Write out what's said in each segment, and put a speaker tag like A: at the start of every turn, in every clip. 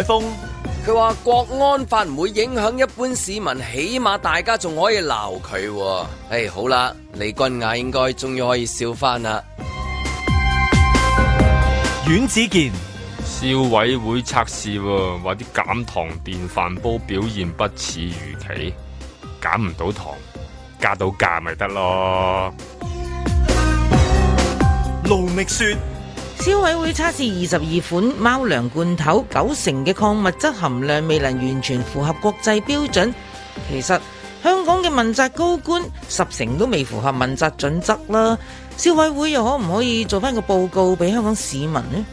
A: 海峰，佢話國安法唔會影響一般市民，起碼大家仲可以鬧佢。誒、哎，好啦，李君雅應該仲要可以笑返啦。阮子健，消委會測試話啲減糖
B: 電飯煲表現不似預期，減唔到糖，加到價咪得咯。
C: 盧覓雪。消委會測試二十二款貓糧罐頭，九成嘅礦物質含量未能完全符合國際標準。其實香港嘅問責高官十成都未符合問責準則啦。消委會又可唔可以做翻個報告俾香港市民呢？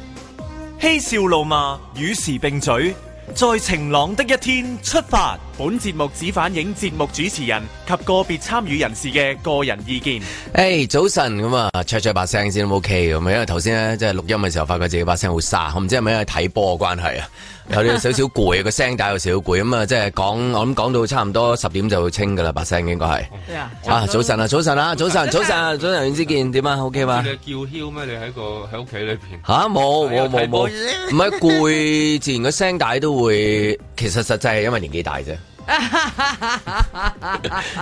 A: 嬉笑怒罵與時並舉。在晴朗的一天出發。本節目只反映節目主持人及個別參與人士嘅個人意見。誒，hey, 早晨咁啊，check check 把聲先，OK 咁。因為頭先咧，即係錄音嘅時候，發覺自己把聲好沙，我唔知係咪因為睇波嘅關係啊。有啲少少攰，個聲帶有少少攰，咁啊，即係講，我諗講到差唔多十點就會清噶啦，把聲應該係。啊，早晨啊，早晨啊，早晨，早晨，早晨，尹之健點啊？O K 嗎？你叫囂咩？你
B: 喺個喺屋企
A: 裏邊吓，冇，冇，冇，冇，唔係攰，自然個聲帶都會，其實實際係因為年紀大啫。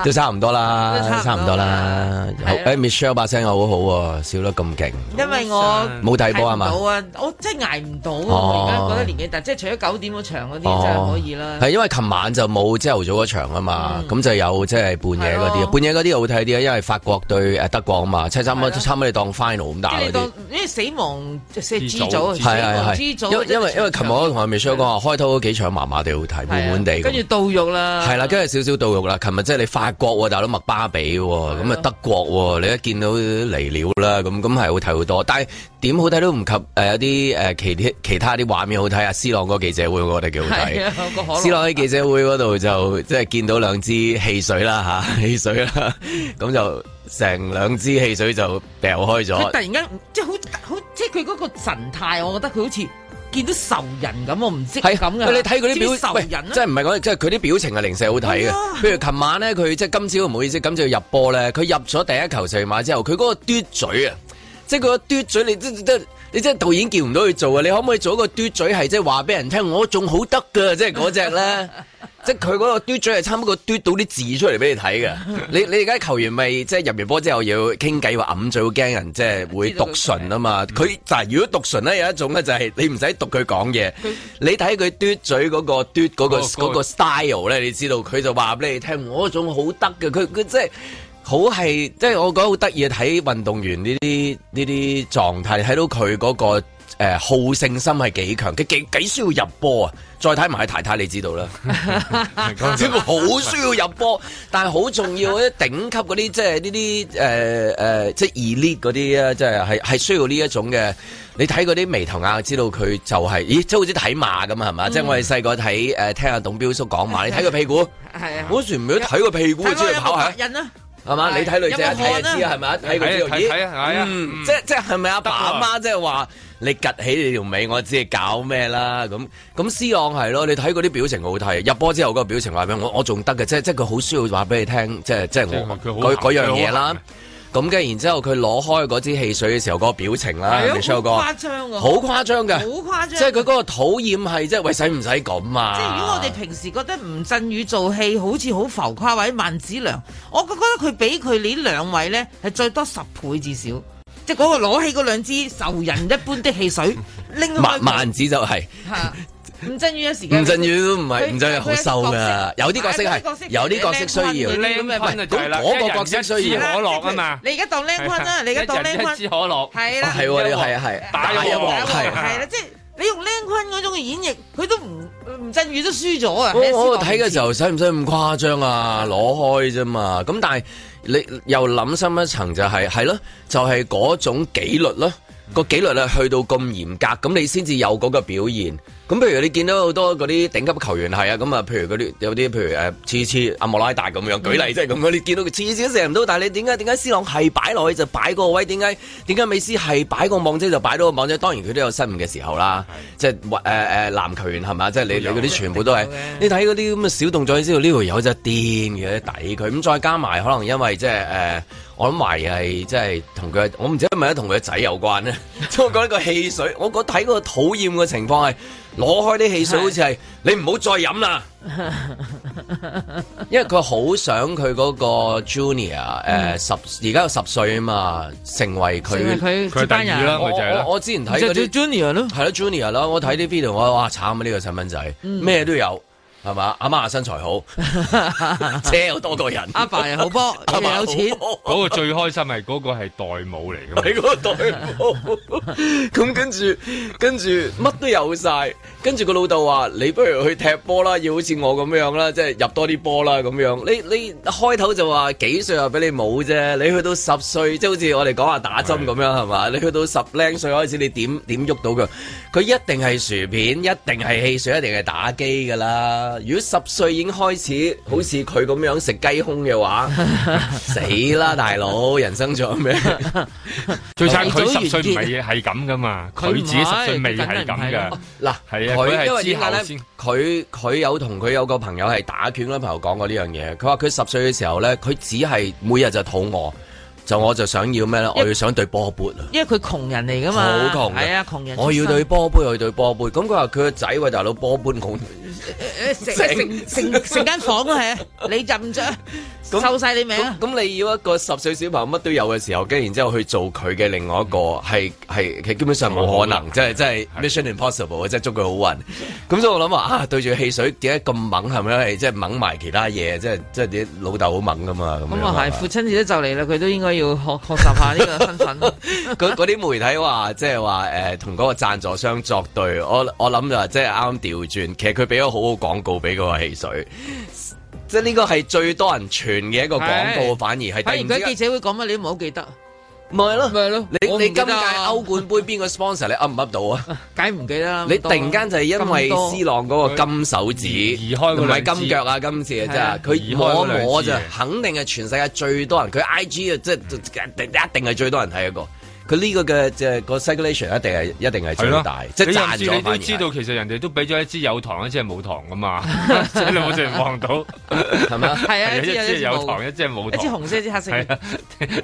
A: 都差唔多啦，差唔多啦。誒 Michelle 把聲好好喎，笑得咁勁。
C: 因為我冇睇過啊嘛。冇啊，我真係捱唔到。我而家覺得年紀大，即係除咗九點嗰場嗰啲就係可以啦。係因
A: 為琴晚就冇朝頭早嗰場啊嘛，咁就有即係半夜嗰啲，半夜嗰啲好睇啲啊。因為法國對誒德國啊嘛，差差唔多差唔多，你當 final 咁打嗰啲。
C: 因為死亡即係之組，係係係，因為因為琴
A: 晚我同阿 Michelle 講話，開頭嗰幾場麻麻地好睇，悶悶地。跟
C: 住到肉。係
A: 啦，跟住少少到肉啦。琴日即係你法國大佬麥巴比，咁啊的德國，你一見到嚟料啦，咁咁係好睇好多。但係點好睇都唔及誒有啲誒其其他啲畫面好睇啊。C 朗嗰記者會我覺得幾好睇。
C: C 朗喺
A: 記者會嗰度就 即係見到兩支汽水啦吓、啊，汽水啦，咁、啊、就成兩支汽水就掉開咗。突
C: 然間即係好好，即係佢嗰個神態，我覺得佢好似。見到仇人咁，我唔知係咁噶。你睇佢啲表仇人，
A: 即係唔係講，即係佢啲表情係零舍好睇嘅。Yeah. 譬如琴晚咧，佢即係今朝唔好意思，咁就入波咧。佢入咗第一球射馬之後，佢嗰個嘟嘴啊，即係佢個嘟嘴，你即即。你真係導演叫唔到佢做啊！你可唔可以做一個嘟嘴係，即係話俾人聽我仲好得噶， 即係嗰隻咧，即係佢嗰個嘟嘴係差唔多嘟到啲字出嚟俾你睇嘅。你你而家球員咪即係入完波之後要傾偈話揞嘴，會驚人即係會讀唇啊嘛。佢嗱他他如果讀唇咧有一種咧就係你唔使讀佢講嘢，他你睇佢嘟嘴嗰、嗰個嘟、嗰個他、嗰個、個 style 咧，你知道佢就話俾你聽我仲好得嘅，佢佢即係。好係，即係我覺得好得意睇運動員呢啲呢啲狀態，睇到佢嗰、那個誒好勝心係幾強，佢幾幾需要入波啊！再睇埋喺太太，你知道啦，好 需要入波， 但係好重要咧。頂級嗰啲即係呢啲誒誒，即係 elite 嗰啲啊，即係係係需要呢一種嘅。你睇嗰啲眉頭眼知道佢就係、是，咦，嗯、即係好似睇馬咁啊，係嘛？即係我哋細個睇誒，聽阿董彪叔講馬， 是你睇佢屁股，係啊，我全部睇佢屁股，知要是跑係。呢呢係嘛、啊哎 mm. 啊？你睇女仔睇就知係咪？睇佢知道咦？嗯，即即係咪阿爸阿媽即係話你趷起你條尾，我知你搞咩啦，咁咁。思朗係咯，你睇嗰啲表情好睇。入波之後嗰個表情話俾我，我我仲得嘅，即即佢好需要話俾你聽，即即我嗰嗰樣嘢啦。咁嘅，然之後佢攞開嗰支汽水嘅時候，嗰、那個表情啦，梁超哥，
C: 好誇張嘅，好
A: 誇張，即係佢嗰個討厭係，即係 喂，使唔使咁啊？即係如果
C: 我哋平時覺得吳鎮宇做戲好似好浮誇位萬梓良，我覺得佢比佢呢兩位咧係最多十倍至少， 即係嗰個攞起嗰兩支仇人一
A: 般的汽水
C: 拎 開萬。萬
A: 梓就係。
C: 吳鎮宇有時間，吳鎮宇
A: 唔係，吳鎮宇好瘦噶有啲角色係，有啲角色需要咁咪，喂，咁嗰個角色需要可樂啊嘛，你
C: 而家當靚坤啦，你而家當靚坤，係啦，係喎，你係
A: 啊係，打入去係，係啦，即
C: 係你用靚坤嗰種嘅演繹，佢都唔，吳鎮宇都輸咗啊！我我睇嘅
A: 時候使唔使咁誇張啊？攞開啫嘛，咁但係你又諗深一層就係，係咯，就係嗰種紀律咯。個紀律咧去到咁嚴格，咁你先至有嗰個表現。咁譬如你見到好多嗰啲頂級球員係啊，咁啊，譬如嗰啲有啲譬如誒，次次阿莫拉達咁樣，舉例即係咁你見到佢次次都射唔到，但係你點解點解 C 朗係擺落去就擺個位？點解點解美斯係擺個網車就擺到個網車？當然佢都有失誤嘅時候啦的、呃。即係誒誒，籃球員係嘛？即係你你嗰啲全部都係。你睇嗰啲咁嘅小動作之後，知道呢條友真係癲嘅，抵佢。咁再加埋可能因為即係誒。呃我諗埋係即係同佢，我唔知係咪同佢個仔有關咧。 我講一個汽水，我我睇個討厭嘅情況係攞開啲汽水好，好似係你唔好再飲啦。 因為佢好想佢嗰個 Junior 誒、呃、十而家有十歲啊嘛，成為佢佢接班人咯，我之前睇嗰啲 Junior 咯，係咯 Junior 咯，我睇啲 video 我話哇慘啊呢，這個細蚊仔咩都有。 係嘛？阿媽身材好， 車又多個人，阿爸又好波，又 有錢。嗰 個最
B: 開心係嗰、嗰個係代母嚟嘅。嘛？你個
A: 代母，咁 跟住跟住乜都有晒。跟住個老豆話：你不如去踢波啦，要好似我咁樣啦，即係入多啲波啦咁樣。你你開頭就話幾歲又俾你冇啫？你去到十歲，即係好似我哋講下打針咁樣，係嘛？你去到十零歲開始，你點點喐到佢？佢一定係薯片，一定係汽水，一定係打機噶啦。如果十歲已經開始，好似佢咁樣食雞胸嘅話，死啦大佬！人生仲有咩？最慘佢十歲未係咁噶嘛？佢自己十歲未係咁噶。嗱，係啊。佢因為之後咧，佢佢 有同佢有個朋友係打拳嗰個朋友講過呢樣嘢。佢話佢十歲嘅時候咧，佢只係每日就肚餓，就我就想要咩咧？為我要想對波杯啊！因
C: 為佢窮人嚟噶嘛，好窮，係啊、哎，窮人。我要對
A: 波杯，我要對波杯。咁佢話佢個仔，喂大佬波杯
C: 成成間房啊，係你任着收晒你名。
A: 咁你要一個十歲小朋友乜都有嘅時候，跟然之後去做佢嘅另外一個，係係基本上冇可能，即係即係 mission impossible，即係祝佢好運。咁所以我諗話啊，對住汽水點解咁猛？係咪即係猛埋其他嘢？即係即係啲老豆好猛噶嘛？咁啊係，父親
C: 節就嚟啦，佢都應該要學學習下
A: 呢個身份。嗰啲媒體話即係話誒，同嗰個贊助商作對。我我諗就係即係啱調轉，其實佢俾。都好好廣告俾嗰個汽水，即係呢個係最多人傳嘅一個廣告，是反而係突然之間記
C: 者會講乜你都唔好記得，咪係咯，咪係咯，
A: 你你今屆歐冠杯邊個 sponsor 你噏唔噏到啊？
C: 梗唔記得啦！你突然間就係因為 C 朗嗰個金
A: 手指，唔係金腳啊，金舌啊，真係佢我我就肯定係全世界最多人，佢 I G 啊，即係一定一定係最多人睇一個。佢呢個嘅即係個規 ulation 一定係一定係最大，即係你有時都知
B: 道，其實人哋都俾咗一支有糖一支係冇糖噶嘛，你
C: 有冇成日望
A: 到？係咪啊？係啊，一支有糖一支冇糖，一支
C: 紅色一支黑色。係啊，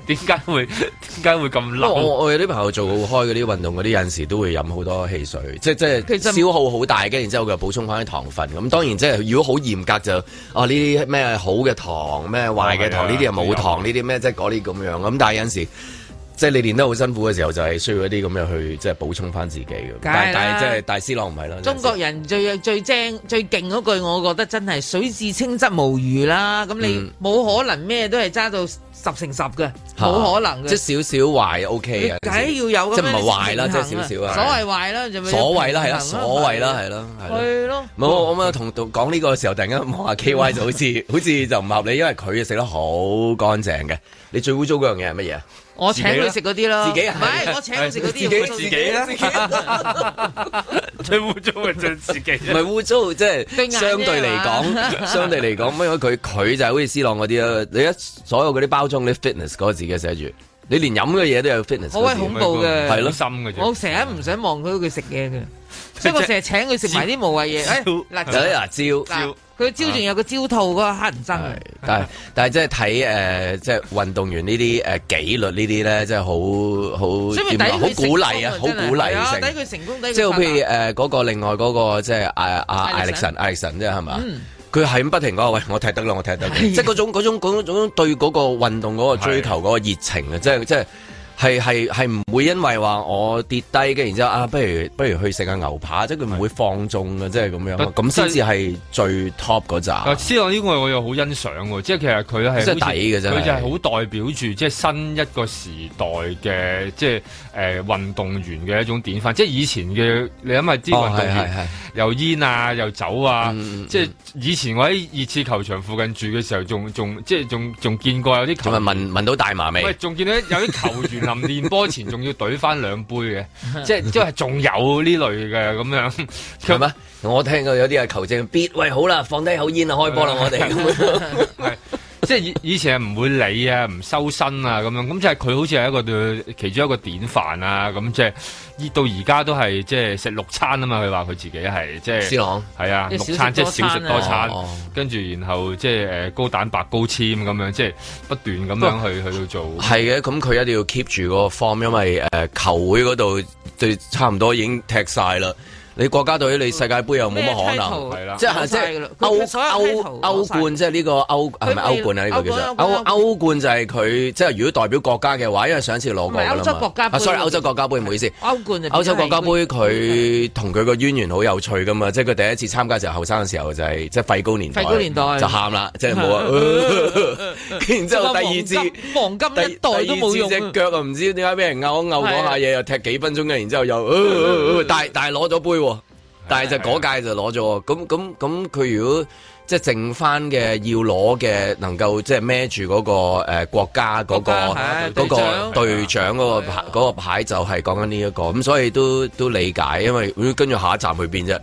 A: 點解會點解會咁流？我有啲朋友做開嗰啲運動嗰啲，有陣時都會飲好多汽水，即即係消耗好大跟然之後佢又補充翻啲糖分。咁當然即係如果好嚴格就哦，呢啲咩好嘅糖咩壞嘅糖呢啲又冇糖呢啲咩即係嗰啲咁樣咁，但係有陣時。即係你練得好辛苦嘅時候，就係、是、需要一啲咁樣去即係補充翻自己嘅。但係即係大師佬唔係啦。啦中
C: 國人最最精最勁嗰句，我覺得真係水至
A: 清則無魚啦。
C: 咁你冇可能咩都係揸到。十
A: 成十嘅，冇可能嘅。即係少少壞 OK 啊，梗要有即係唔係壞啦，即係少少啊。所謂
C: 壞啦，就所謂啦，係啦，所謂啦，係咯，
A: 係咯。冇，我咪同讀講呢個時候，突然間望下 KY，就好似好似就唔合理，因為佢食得好乾淨嘅。你最污糟嗰樣嘢係乜嘢？我請佢食嗰
C: 啲啦，自己唔係我請佢食嗰啲，自己
D: 自己啦。
A: 最污糟係最自己，唔係污糟，即係相對嚟講，相對嚟講，因為佢佢就係好似思朗嗰啲啦。你一所有嗰啲包。中 fitness 嗰字嘅寫住，你連飲嘅嘢都有 fitness，好鬼恐怖嘅，係咯，深嘅。
C: 我成日唔想望佢佢食嘢嘅，所以我成日請佢食埋啲無謂嘢。誒，有啲牙
A: 蕉，佢蕉仲有
C: 個蕉套嗰個黑人憎。
A: 但係但係，即係睇誒，即係運動員呢啲誒紀律呢啲咧，即係好好，好鼓勵啊，好鼓勵
C: 性。即係好譬如誒
A: 嗰個另外嗰個即係阿阿艾力神艾力神啫係嘛？佢係咁不停講，喂！我踢得咯，我踢得，是的 即係嗰種嗰種嗰種嗰種對嗰個運動嗰個追求嗰個熱情啊是的！即係即係。係係係唔會因為話我跌低嘅，然之後啊，不如不如去食下牛扒。即係佢唔會放縱嘅，即係咁樣，咁先至係最 top 嗰扎。啊，
B: 思朗呢個我又好欣賞嘅、哦，即係其實佢係即係底嘅啫，佢就係好代表住即係新一個時代嘅即係誒運動員嘅一種典範。即係以前嘅你諗下啲運動員，又煙啊又酒啊，嗯、即係以前我喺熱刺球場附近住嘅時候，仲仲即係仲仲，仲見過有啲，仲係聞聞到大麻味，仲見到有啲球員。 臨練波前仲要對返兩杯嘅，即係即係仲有呢類嘅咁樣，係咪？我聽過有啲係求證必喂，好啦，
A: 放低口煙啦，開波啦，我哋咁。
B: 即係以以前係唔會理啊，唔收身啊咁樣，咁即係佢好似係一個對其中一個典範，佢佢朗啊，咁即係到而家都係即係食六餐啊嘛，佢話佢自己係即係，係啊六餐即係少食多餐、啊，跟住、哦哦、然後即係誒高蛋白高纖咁樣，即係不斷咁樣去過
A: 去到做。係嘅，咁佢一定要 keep 住個 form，因為誒、呃、球會嗰度就差唔多已經踢晒啦。你國家隊你世界盃又冇乜可能，係啦，即係即係歐歐冠，即係呢個歐係咪歐冠啊？呢個其實歐冠就係佢即係如果代表國家嘅話，因為上一次攞過啦嘛。sorry，歐洲國家杯唔好意思。歐冠，歐洲國家杯佢同佢個淵源好有趣㗎嘛，即係佢第一次參加就後生嘅時候就係即係費高年代，費高年代就喊啦，即係冇啊。然之後第二次
C: 黃金一代都冇用隻
A: 腳啊，唔知點解俾人拗拗嗰下嘢，又踢幾分鐘嘅，然之後又大大攞咗杯。但係就嗰屆就攞咗，咁咁咁佢如果即係剩翻嘅要攞嘅，能夠即係孭住嗰個誒國家嗰個嗰個隊長嗰個牌嗰個牌就係講緊呢一個，咁所以都都理解，因為跟住下一站去邊啫。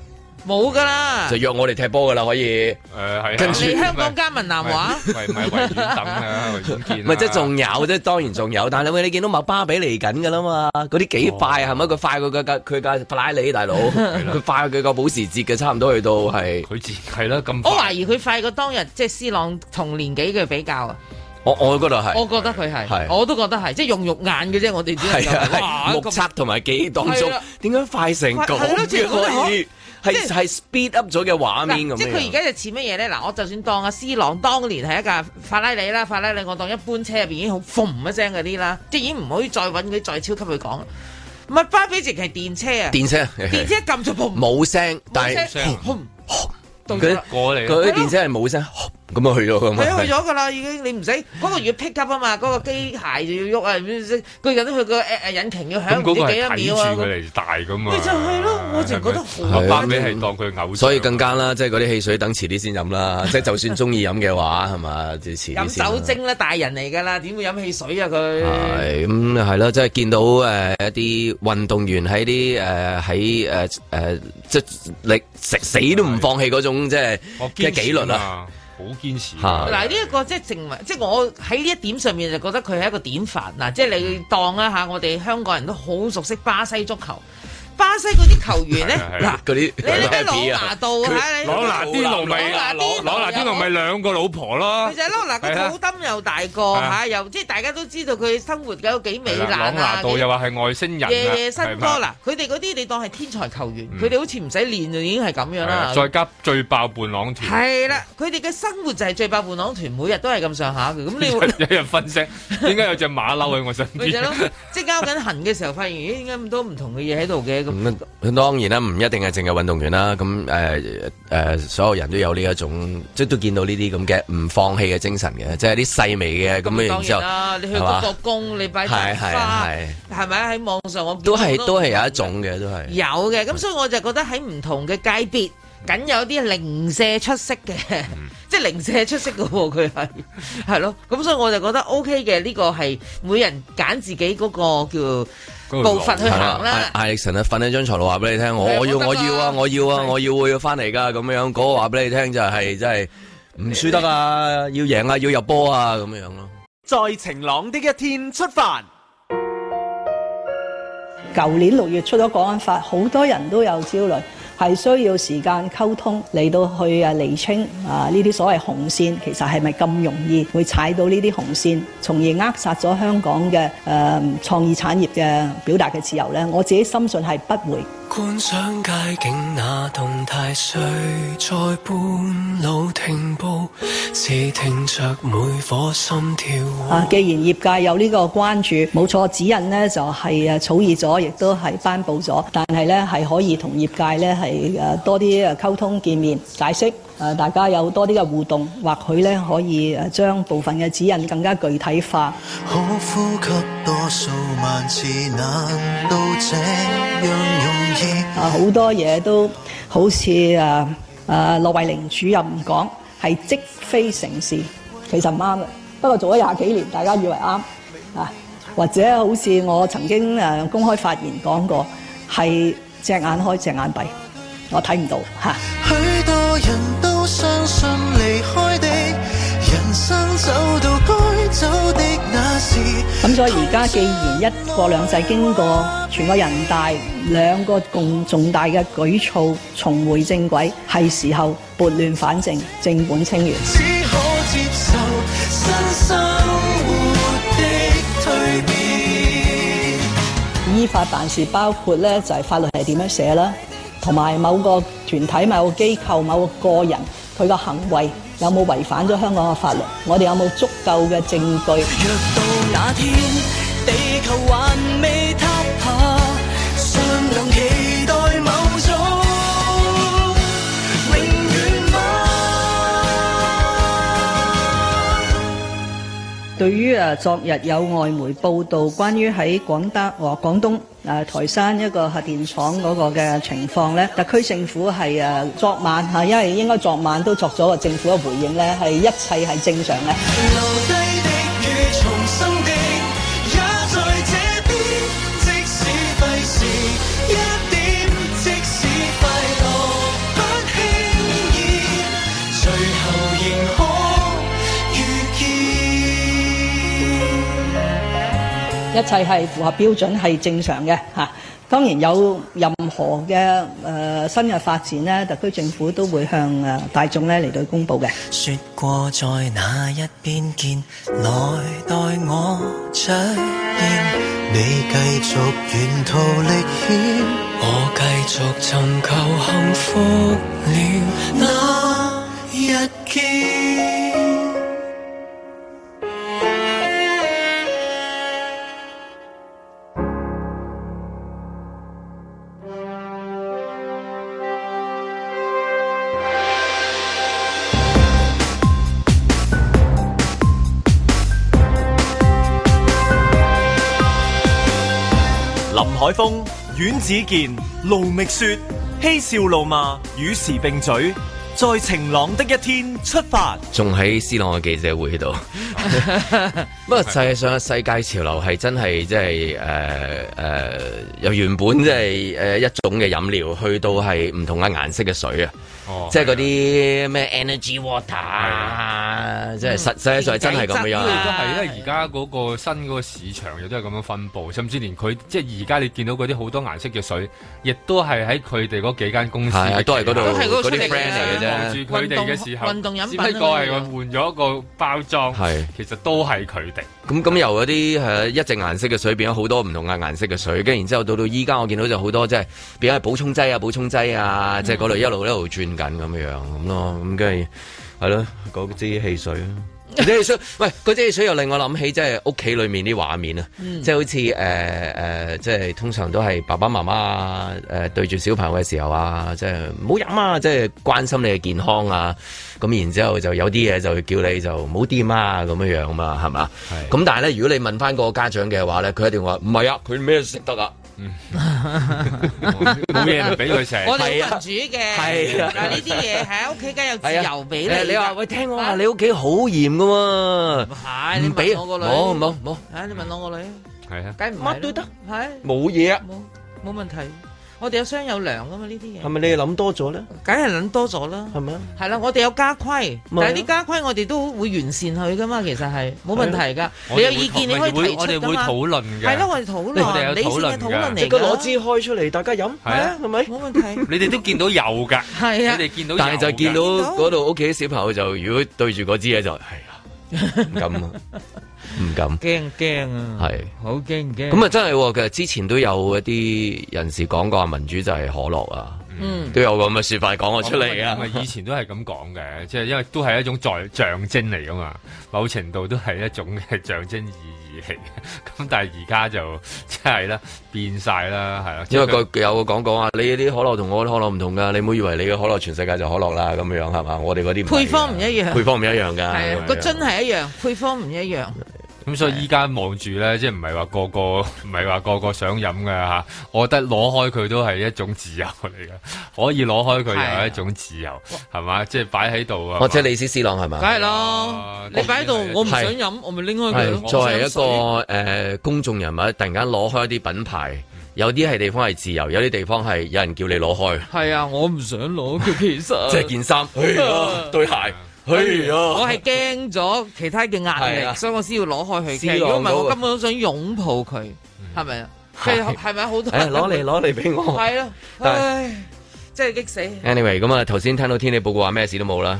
C: 冇噶啦，就約
A: 我哋踢波噶啦，可以。誒，係。你香港加盟南華。
C: 咪咪維健等啊，維
A: 健。咪即係仲有啫，當然仲有。但係你，你見到馬巴比嚟緊噶啦嘛？嗰啲幾快係咪？佢快過佢架法拉利大佬，佢快過佢個保時捷嘅，差唔多去到係。佢自係啦咁。我懷疑
C: 佢快過當日即係斯朗同年紀嘅比較啊。
A: 我我覺得係。我覺得佢係，我
C: 都覺得係，即係用肉眼嘅啫。我哋只有目測
A: 同埋記憶當中。點樣快成咁。係 speed up 咗嘅畫面咁，即係佢而
C: 家就似乜嘢咧？嗱，我就算當阿 C 朗當年係一架法拉利啦，法拉利我當一般車入邊已經好馴一聲嗰啲啦，即係已經唔可以再搵佢再超級佢講。唔係，巴比直係電車啊，電車，電，是是電車一撳就
A: 冇聲，聲但係佢過嚟，佢啲電車係冇聲。咁啊去咗噶，佢去咗
C: 噶啦，已經你唔使嗰個要 pick up 啊嘛，嗰個機械就要喐啊，嗰都佢個引擎要響唔知幾多秒啊，佢
A: 嚟大噶啊，咪
C: 就
A: 係咯，我淨係覺得好爆嘅，所以更加啦，即係嗰啲汽水等遲啲先飲啦，即係就算中意飲嘅話，係嘛，即係遲啲飲酒
C: 精啦，大人嚟噶啦，點會飲汽水啊佢？係
A: 咁係咯，即係見到誒一啲運動員喺啲誒喺誒誒即係力食死都唔放棄嗰種即係嘅紀律啊！好堅持。嗱的，呢
C: 一個即係證明，即係我喺呢一點上面就覺得佢係一個典範。嗱，即係你當啦嚇，我哋香港人都好熟悉巴西足球。巴西嗰啲球
A: 員咧，嗱，嗰啲，你睇朗拿度啊，朗拿甸奴咪
B: 朗拿甸奴咪兩個老婆咯，其實咯，嗱，佢個肚
C: 又大個吓，又即係大家都知道佢生活嘅有幾糜爛。朗拿度又話
B: 係外星人夜夜新歌，嗱，
C: 佢哋嗰啲你當係天才球員，佢哋好似唔使練就已經係咁樣啦。再
B: 加最爆伴郎團，係
C: 啦，佢哋嘅生活就係最爆伴郎團，每日都係咁上下嘅。咁你會
B: 有人瞓醒？點解有隻馬騮喺我身邊？
C: 咪就係咯，即係交緊痕嘅時候，發現咦，點解咁多唔同
A: 嘅嘢喺度嘅。咁當然啦，唔一定係淨係運動員啦。咁誒誒，所有人都有呢一種，即係都見到呢啲咁嘅唔放棄嘅精神嘅，即係啲細微嘅咁嘅嘢就係嘛？你去個國公，你擺陣花，
C: 係咪喺網上我都係都係有一
A: 種嘅，都係
C: 有嘅。咁所以我就覺得喺唔同嘅界別，梗有啲零舍出色嘅，即係零舍出色嘅喎。佢係係咯。咁所以我就覺得 OK 嘅呢個係每人揀自己嗰個叫步伐去行啦，艾
A: 力神啊，瞓喺張床度話俾你聽，我、哎、我要等我要啊，我要啊，是的 我要我要翻嚟噶，咁樣嗰個話俾你聽就係真係唔輸得啊，是的 要贏啊，要入波啊，咁樣樣咯。在晴
E: 朗的一天出發行，舊年六月出咗國安法，好多人都有焦慮。係需要時間溝通嚟到去啊釐清啊呢啲所謂紅線，其實係咪咁容易會踩到呢啲紅線，從而扼殺咗香港嘅誒、呃、創意產業嘅表達嘅自由呢？我自己深信係
A: 不會。觀賞街景，那動態，誰在半路停步？聽着每顆心跳啊，既然
E: 業界有呢個關注，冇錯指引呢就係、是、誒草擬咗，亦都係頒佈咗，但係咧係可以同業界咧係誒多啲誒溝通、見面、解釋。誒，大家有多啲嘅互動，或許咧可以誒，將部分嘅指引更加具體化。
F: 好呼吸多數萬次，難道這樣容易
E: 啊，好多嘢都好似誒誒，羅慧玲主任講係即非成事，其實唔啱嘅。不過做咗廿幾年，大家以為啱啊。或者好似我曾經誒、啊、公開發言講過，係隻眼開隻眼閉，我睇唔到嚇。
F: 許、啊、多人。
E: 所以而家既然一國兩制經過全國人大兩個共重大嘅舉措，重回正軌，係時候撥亂反正、正本清源。只
F: 可接受新生活
D: 的蛻
E: 變，依法辦事，包括呢就係、是、法律係點樣寫啦，同埋某個團體、某個機構、某個個人佢個行為有冇違反咗香港嘅法律，我哋有冇足夠嘅證據？那天地球還未塌下，尚能
F: 期待某
E: 種永遠嗎？對於啊，昨日有外媒報道關於喺廣東和、啊、廣東誒、啊、台山一個核電廠嗰個嘅情況咧，特區政府係誒、啊、昨晚吓、啊，因為應該昨晚都作咗個政府嘅回應咧，係一切係正常
F: 嘅。
E: 一切係符合標準，係正常嘅嚇，當然有任何嘅誒新嘅發展咧，特區政府都會向誒大眾咧嚟
F: 到公佈嘅。說
A: 過在那一邊見，來代我
F: 出現，你繼續沿途歷險，我繼續尋求幸福。
A: 阮子健、盧覓雪，嬉笑怒罵，與時並進。在晴朗的一天出發，仲喺思朗嘅記者會度。不過事實上，世界潮流係真係，即係誒誒，由原本即係誒一種嘅飲料，去到係唔同嘅顏色嘅水啊。哦，即係嗰啲咩 energy water 啊。即係、嗯、實際上真係咁嘅樣啊！都係、就是，因
F: 為而家嗰個
B: 新嗰個市場又都係咁樣分布，甚至連佢即係而家你見到嗰啲好多顏色嘅水，亦都係喺佢哋嗰幾間公司、係啊。都係嗰度。嗰啲 friend 嚟嘅啫。運、啊、動運動飲品，只不過係換咗個包裝。係、啊，其實都係佢哋。
A: 咁咁由嗰啲誒一隻顏色嘅水變咗好多唔同嘅顏色嘅水，跟住然後之後到到依家我見到就好多即係變咗係補充劑啊、補充劑啊，即係嗰度一路一路轉緊咁樣咁咯，咁梗係。係咯，嗰支汽水啊，汽 水，喂，嗰支汽水又令我諗起 即係屋企裏面啲畫面啊，即係好似誒誒，即係通常都係爸爸媽媽啊，誒對住小朋友嘅時候啊，即係唔好飲啊，即係關心你嘅健康啊，咁然之後就有啲嘢就會叫你就唔好掂啊，咁樣樣啊嘛，係嘛，咁是但係咧，如果你問翻個家長嘅話咧，佢一定話唔係啊，佢咩食得啊。冇嘢俾佢食，我哋
C: 煮嘅。係啊，嗱呢啲嘢喺屋企梗有自由俾你。你話
A: 喂，聽我話，你屋企好嚴噶嘛？唔係，唔俾我個女，唔好唔
C: 好。唉，你問我個女，
A: 係啊，梗唔乜都得，係冇嘢啊，冇
C: 冇問題。我哋有商有量噶嘛？呢啲
A: 嘢係咪你諗多咗咧？梗係諗多咗啦，係咪
C: 啊？係啦，我哋有家規，啊、但係啲家規我哋都會完善佢噶嘛。其實係冇問題噶。啊、你有意見
A: 你可以提出噶嘛？我哋會討論嘅。係咯、啊，我哋討論，你先嘅討論嚟。
B: 個攞
G: 支開出
A: 嚟，大家飲係啊？係咪？冇、啊啊、問題。 你哋都見到油噶，係 啊。你哋見到油，但係就見到嗰度屋企啲小朋友就如果對住嗰支嘢就唔 敢，唔敢，驚驚啊！係是，好驚驚。咁啊，真係、啊、其實之前都有一啲人士講過，民主就係可樂啊。嗯，都有咁嘅説法講咗出嚟啊！以
B: 前都係咁講嘅，即係 因為都係一種在象徵嚟噶嘛，某程度都係一種嘅象徵意義嚟嘅。咁但係而家就即係咧變晒啦，係咯。因為佢
A: 有個講講啊，你啲可樂同我啲可樂唔同噶，你唔好以為你嘅可樂全世界就可樂啦，咁樣樣係嘛？我哋嗰啲配方唔一樣，配方唔一樣㗎。係啊，個
C: 樽係一樣，配方唔一樣。
A: 咁所以依家
B: 望住咧，即係唔係話個個唔係話個個想飲嘅吓，我覺得攞開佢都係一種自由嚟嘅，可以攞開佢又係一種自由，係嘛？即係擺喺度
A: 啊！或者你思思朗係咪？梗係
C: 啦，你擺喺度，我唔想飲，我咪拎開佢。作為一個
A: 誒公眾人物，突然間攞開一啲品牌，有啲係地方係自由，有啲地方係有人叫你攞開。係啊，我唔想攞佢，其實即係件衫、對鞋。係啊，我係
C: 驚咗其他嘅壓力，所以我先要攞開佢。如果唔係，我根本都想擁抱佢，係咪啊？係咪好多？誒，攞嚟攞嚟俾我。係咯，唉，真係激死。
A: Anyway，咁啊，頭先聽到天氣報告話咩事都冇啦，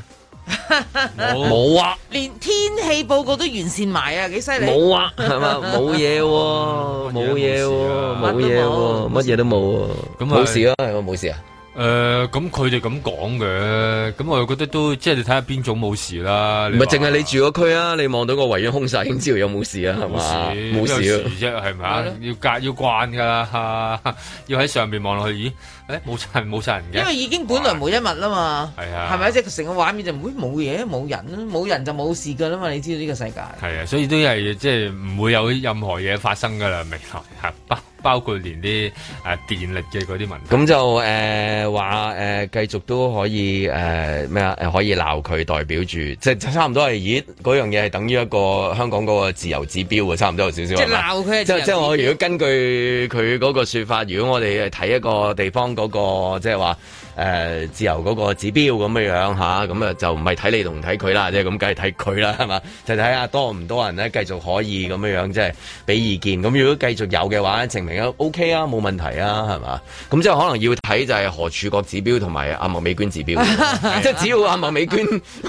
A: 冇啊，
C: 連天氣報告都完善埋啊，幾犀利。冇啊，係嘛，冇
A: 嘢，冇嘢，冇嘢，乜嘢都冇，咁冇事啊，係嘛，冇事啊。
B: 誒，咁佢哋咁講嘅，咁、嗯、我又覺得都即係你睇下邊種
A: 冇事啦。唔係淨係你住嗰區啊，你望到個圍苑空晒，唔知道有冇事啊，係冇事，冇吧事
B: 啫，係咪啊？要隔 要慣噶啦，要喺上面望落去，咦？誒，冇人冇人嘅。因為已
C: 經本來冇一物啦嘛。係咪啊？即成個畫面就唔會冇嘢，冇人，冇人就冇事噶啦嘛。你知道呢個世界。
B: 係啊，所以都係即係唔會有任何嘢發生噶啦，未來吓包括連啲誒電力嘅嗰啲
A: 問題，咁就誒話誒繼續都可以誒咩、呃、啊？可以鬧佢，代表住即係差唔多係熱嗰樣嘢，係等於一個香港嗰個自由指標嘅，差唔多有少少。即係鬧
C: 佢，即即係我
A: 如果根據佢嗰個説法，如果我哋係睇一個地方嗰、嗰個即係話。誒自由嗰個指標咁嘅樣嚇，咁啊就唔係睇你同睇佢啦，即係咁梗係睇佢啦，係嘛？就睇下多唔多人咧繼續可以咁嘅樣，即係俾意見。咁如果繼續有嘅話，證明啊 OK 啊，冇問題啊，係嘛？咁即係可能要睇就係何處國指標同埋阿茂美娟指標，即係 只要阿茂美娟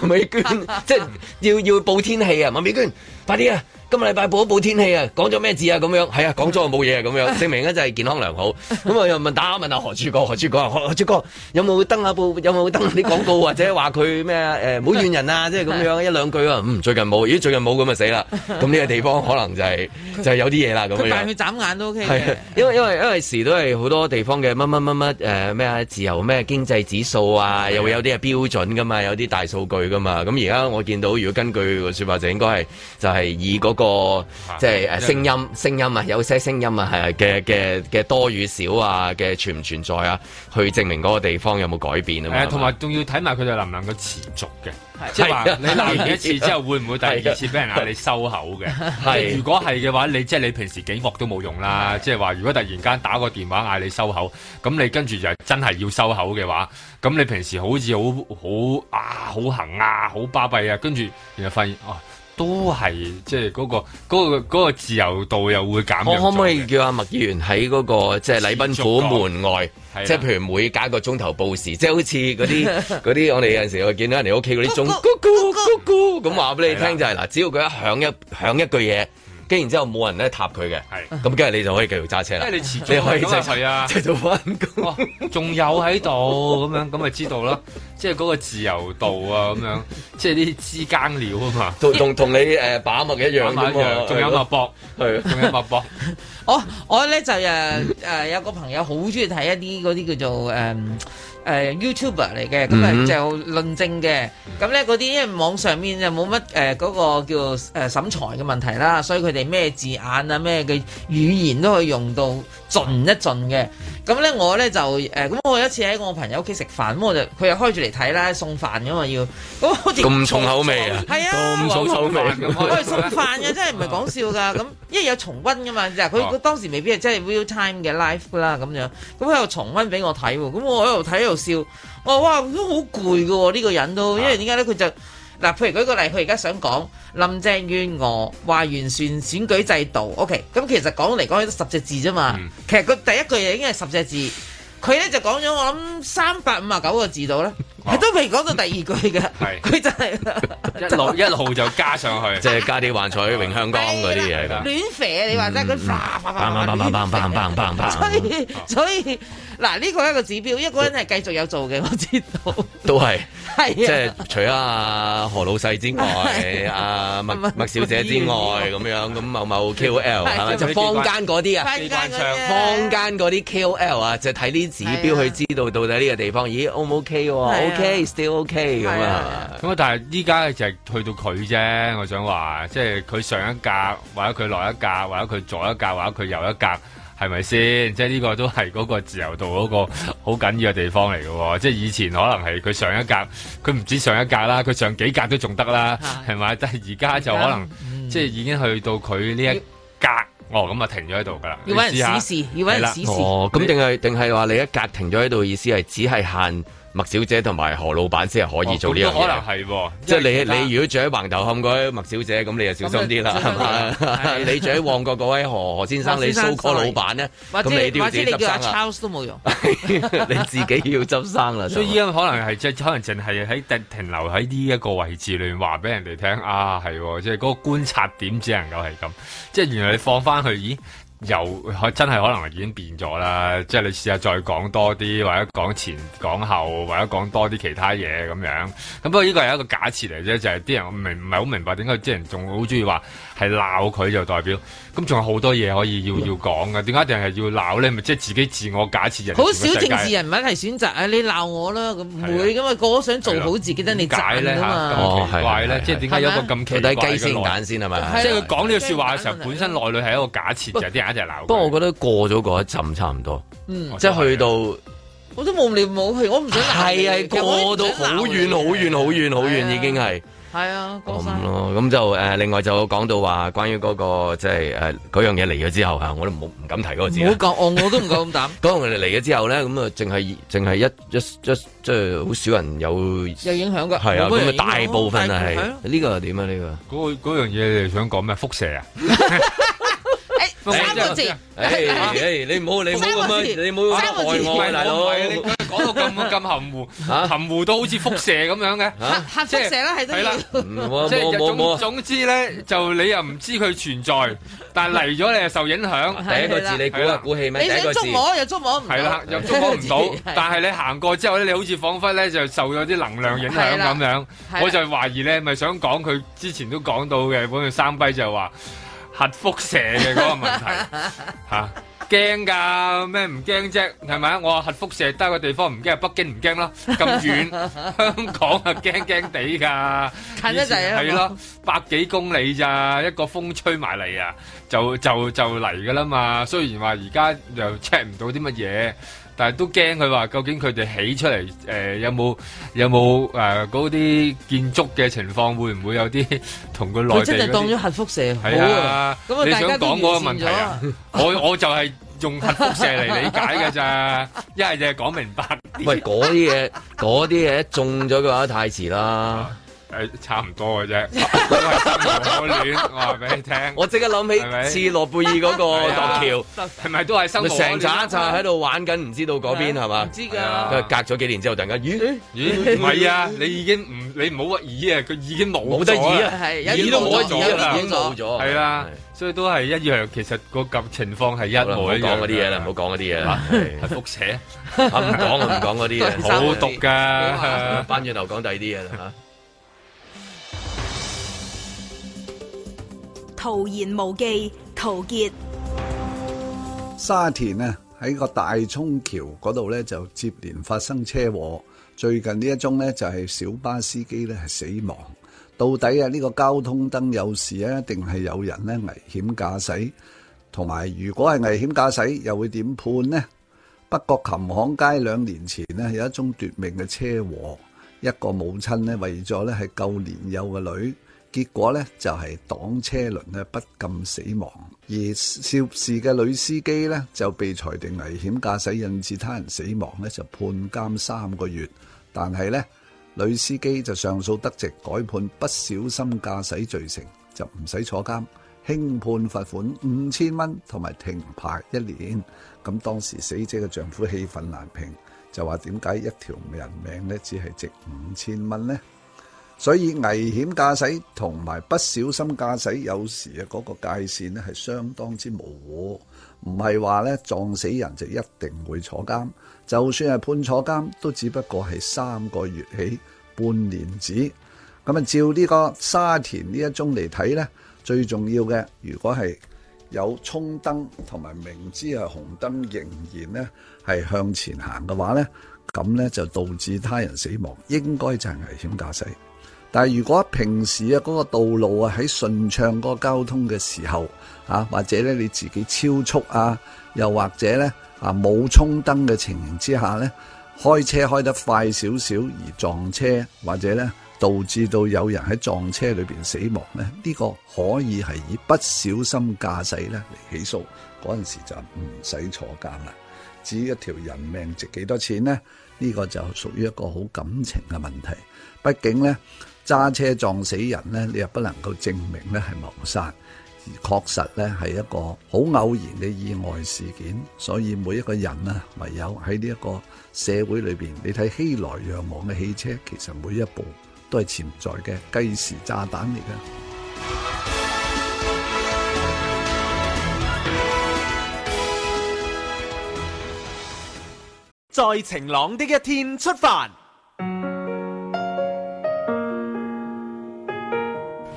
A: 美娟，即係、 即係、要要報天氣啊！茂美娟，快啲啊！今日禮拜報一報天氣啊，講咗咩字啊？咁樣係啊，講咗又冇嘢啊，咁樣證明咧就係、是、健康良好。咁啊又問打問下何柱哥，何柱哥，何柱哥有冇登下報？有冇登啲廣告或者話佢咩誒？唔、欸、好怨人啊，即係咁樣一兩句啊。嗯，最近冇，咦？最近冇咁啊死啦！咁呢個地方可能就係、是、他就係有啲嘢啦。咁樣，佢辦佢
C: 眨眼都 O K
A: 因為因為因為時都係好多地方嘅乜乜乜乜誒咩自由咩經濟指數啊，的又會有啲嘅標準噶嘛，有啲大數據噶嘛。咁而家我見到如果根據個說話就應該係就係、是、以嗰、那個。個即係聲音聲音啊，有些聲音啊，係嘅嘅嘅多與少啊，嘅存唔存在啊，去證明嗰個地方有冇改變啊。同埋
B: 仲要睇埋佢哋能唔能夠持續嘅，
D: 即係話你鬧完一次之後，會唔會第二次俾人嗌你
B: 收口嘅？係如果係嘅話，你即係你平時幾惡都冇用啦。即係話如果突然間打個電話嗌你收口，咁你跟住就真係要收口嘅話，咁你平時好似好好啊好行啊好巴閉啊，跟住然後發現哦。都係即係嗰個嗰
A: 自由度又會減。我可唔可以叫阿麥議員喺嗰個即係禮賓府門外，即係譬如每隔一個鐘頭報時，即係好似嗰啲啲我哋有陣時會見到人嚟屋企嗰啲鐘，咕咕咕咕咁話俾你聽，就係嗱，只要佢一響一響一句嘢。跟然之後冇人咧踏佢嘅，係咁，跟住你就可以繼續揸車啦。即係你自己係啊，製造分
B: 工，仲有喺度咁樣，咁咪知道咯。即係嗰個自由度啊，咁樣即係啲枝間料啊嘛，同同同你誒把脈一樣啊嘛。仲有脈搏，係，仲有脈搏。
C: 我我咧就誒誒有個朋友好中意睇一啲嗰啲叫做誒。誒 YouTuber 嚟嘅，咁啊、uh, mm hmm. 就論證嘅，咁咧嗰啲因為網上面就冇乜誒嗰個叫誒審裁嘅問題啦，所以佢哋咩字眼啊咩嘅語言都可以用到。盡一盡嘅，咁咧我咧就誒，咁、呃、我有一次喺我朋友屋企食飯，咁我就佢又開住嚟睇啦，送飯噶嘛要，咁好咁重口味啊，係啊，咁重口味我係送飯嘅， 真係唔係講笑噶，咁因為有重溫噶嘛，嗱佢佢當時未必係真係 real time 嘅 life 啦咁樣，咁佢有重溫俾我睇喎，咁我喺度睇喺度笑，我話哇都好攰噶喎呢個人都，因為點解咧佢就。嗱，譬如舉個例，佢而家想講林鄭月娥話完善選，選舉制度，OK？咁其實講嚟講去都十隻字啫嘛，其實佢第一句嘢已經係十隻字，佢咧就講咗我諗三百五十九個字到啦。 都未講到第二句嘅，佢真係一
A: 六一六就加上去，即係加啲幻彩詠香江嗰啲嘢嘅。亂
C: 肥啊！你話真
A: 係咁 b
C: 所以嗱，呢個一個指標，一個人係繼續有做嘅，我知道。
A: 都係係即係除咗阿何老細之外，阿麥麥小姐之外咁樣，咁某某 K O L 就坊間嗰啲啊，地坊間嗰啲 K O L 啊，就睇啲指標去知道到底呢個地方，咦 O 唔 O K 喎？OK，still OK，咁啊。咁啊，
B: 但係依家就係去到佢啫。我想話，即係佢上一格，或者佢落一格，或者佢左一格，或者佢右一格，係咪先？即係呢個都係嗰個自由度嗰個好緊要嘅地方嚟嘅。即係以前可能係佢上一格，佢唔止上一格啦，佢上幾格都仲得啦，係咪？但係而家就可能、嗯、即係已經去到佢呢一格、嗯、哦，咁啊停咗喺度噶啦。要揾史事，要揾史事哦。咁
A: 定係定係話你一格停咗喺度，意思係只係限。麥小姐同埋何老闆先係可以、哦、做呢樣嘢，可能係、啊，即係你你如果住喺橫頭磡嗰位麥小姐，咁你就小心啲啦，係嘛？吧 你住喺旺角嗰位何何先生， 你蘇哥老闆咧，咁你，你都要或者你叫
C: Charles 都冇用，
A: 你自
B: 己要執生啦。 所以依家可能係即係可能淨係喺停留喺呢一個位置面，亂話俾人哋聽啊，係即係嗰個觀察點只能夠係咁，即係原來你放翻去，咦？又可真係可能已經變咗啦，即係你試下再講多啲，或者講前講後，或者講多啲其他嘢咁樣。咁不過呢個係一個假設嚟啫，就係啲人我唔明，唔係好明白點解啲人仲好中意話。係鬧佢就代表，咁仲有好多嘢可以要要講嘅，點解一定係要鬧咧？咪即係自己自我假設，人好少
C: 政治人物係選擇啊！你鬧我啦，咁唔會噶嘛？個個想做好自己，得你讚咧
A: 奇怪咧，即係點解有個咁奇低雞先揀先係嘛？即係佢講呢個說話嘅時候，本身
B: 內裏係一個假設，就啲人一直鬧。
A: 不過我覺得過咗嗰一浸差唔多，即係去到
C: 我都冇你冇去，我唔想係啊，過到好
A: 遠好遠好遠好遠已經係。係啊，咁咯，咁就誒，另外就講到話關於嗰、嗰個即係誒嗰樣嘢嚟咗之後啊，我都冇唔敢提嗰個字。唔好講、哦，我我都唔夠膽。講嚟嚟咗之後咧，咁啊，淨係淨係一一即係好少人有
C: 有影響㗎。係啊，咁大
A: 部分係呢、哦呢個係點啊？呢、呢個嗰樣嘢你係想講咩？輻射啊！三個字，誒誒，你唔好你唔好咁樣，你唔好咁外外嚟佬，你
B: 講到咁咁含糊，吓含糊到好似輻射咁樣嘅，
A: 核輻射
C: 啦係都要。係啦，即係總總
B: 之咧，就你又唔知佢存在，但嚟咗你又受影響。第一個字你估啦，鼓氣咩？你又捉摸又捉摸，係啦，又捉摸唔到。但係你行過之後咧，你好似仿佛咧就受咗啲能量影響咁樣。我就懷疑咧，咪想講佢之前都講到嘅嗰個三跛就話。核輻射嘅嗰個問題嚇，驚㗎咩？唔驚啫，係咪啊？我話核輻射得個地方唔驚，北京唔驚咯，咁遠 香港啊驚驚地㗎，近一陣係咯，百幾 公里咋，一個風吹埋嚟啊，就就就嚟㗎啦嘛。雖然話而家又 check 唔到啲乜嘢。但係都驚佢話，究竟佢哋起出嚟，誒、呃、有冇有冇誒嗰啲建築嘅情況，會唔會有啲同佢內地嗰啲？佢真係當咗
C: 核輻射。係啊，
B: 咁、啊、你想講嗰個問題啊？我我就係用核輻射嚟理解㗎咋，一係 就係講明白。
A: 喂，嗰啲嘢，嗰啲嘢中咗嘅話太遲，太遲啦。誒，差唔多嘅啫，都係心魔戀，我話俾你聽。我即刻諗起次諾貝爾嗰個獨條，係咪都係生魔？成扎扎喺度玩緊，唔知道嗰邊係嘛？唔知噶。咁隔咗幾年之後，突然間，咦？咦？唔係啊，
B: 你已經唔，你唔好話耳啊，佢已經冇咗。冇得耳啊，耳都冇咗啦。耳冇咗，係啦，所以都係一樣。其實個咁情況係一模一樣。講嗰啲嘢啦，唔好講嗰啲嘢啦，輻
A: 射啊，唔講唔講嗰啲嘢，好毒噶。返轉頭講第二啲嘢啦吓。
E: 徒言無忌，陶傑。
G: 沙田啊，喺個大涌橋嗰度呢就接連發生車禍。最近呢一宗呢，就係小巴司機咧係死亡。到底啊呢個交通燈有事啊，定係有人咧危險駕駛？同埋如果係危險駕駛，又會點判呢？北角琴行街兩年前呢有一宗奪命嘅車禍，一個母親呢，為咗呢係救年幼嘅女。結果呢，就係擋車輪呢不禁死亡，而肇事嘅女司機呢，就被裁定危險駕駛引致他人死亡呢就判監三個月，但係呢，女司機就上訴得直，改判不小心駕駛罪成就唔使坐監，輕判罰款五千蚊同埋停牌一年。咁當時死者嘅丈夫氣憤難平，就話點解一條人命呢只係值五千蚊呢？所以危險駕駛同埋不小心駕駛，有時啊嗰個界線咧係相當之模糊，唔係話咧撞死人就一定會坐監。就算係判坐監，都只不過係三個月起半年止。咁啊，照呢個沙田呢一宗嚟睇咧，最重要嘅，如果係有衝燈同埋明知係紅燈仍然咧係向前行嘅話咧，咁咧就導致他人死亡，應該就係危險駕駛。但係如果平時啊嗰個道路啊喺順暢嗰個交通嘅時候啊，或者咧你自己超速啊，又或者咧啊冇衝燈嘅情形之下咧，開車開得快少少而撞車，或者咧導致到有人喺撞車裏邊死亡咧，呢、這個可以係以不小心駕駛咧嚟起訴，嗰陣時就唔使坐監啦。至於一條人命值幾多錢呢？呢、這個就屬於一個好感情嘅問題，畢竟咧。揸車撞死人呢，你又不能夠證明呢係謀殺，而確實呢係一個好偶然嘅意外事件。所以每一個人啊，唯有喺呢一個社會裏邊，你睇熙來攘往嘅汽車，其實每一部都係潛在嘅計時炸彈嚟嘅。
B: 在晴朗的一天出發。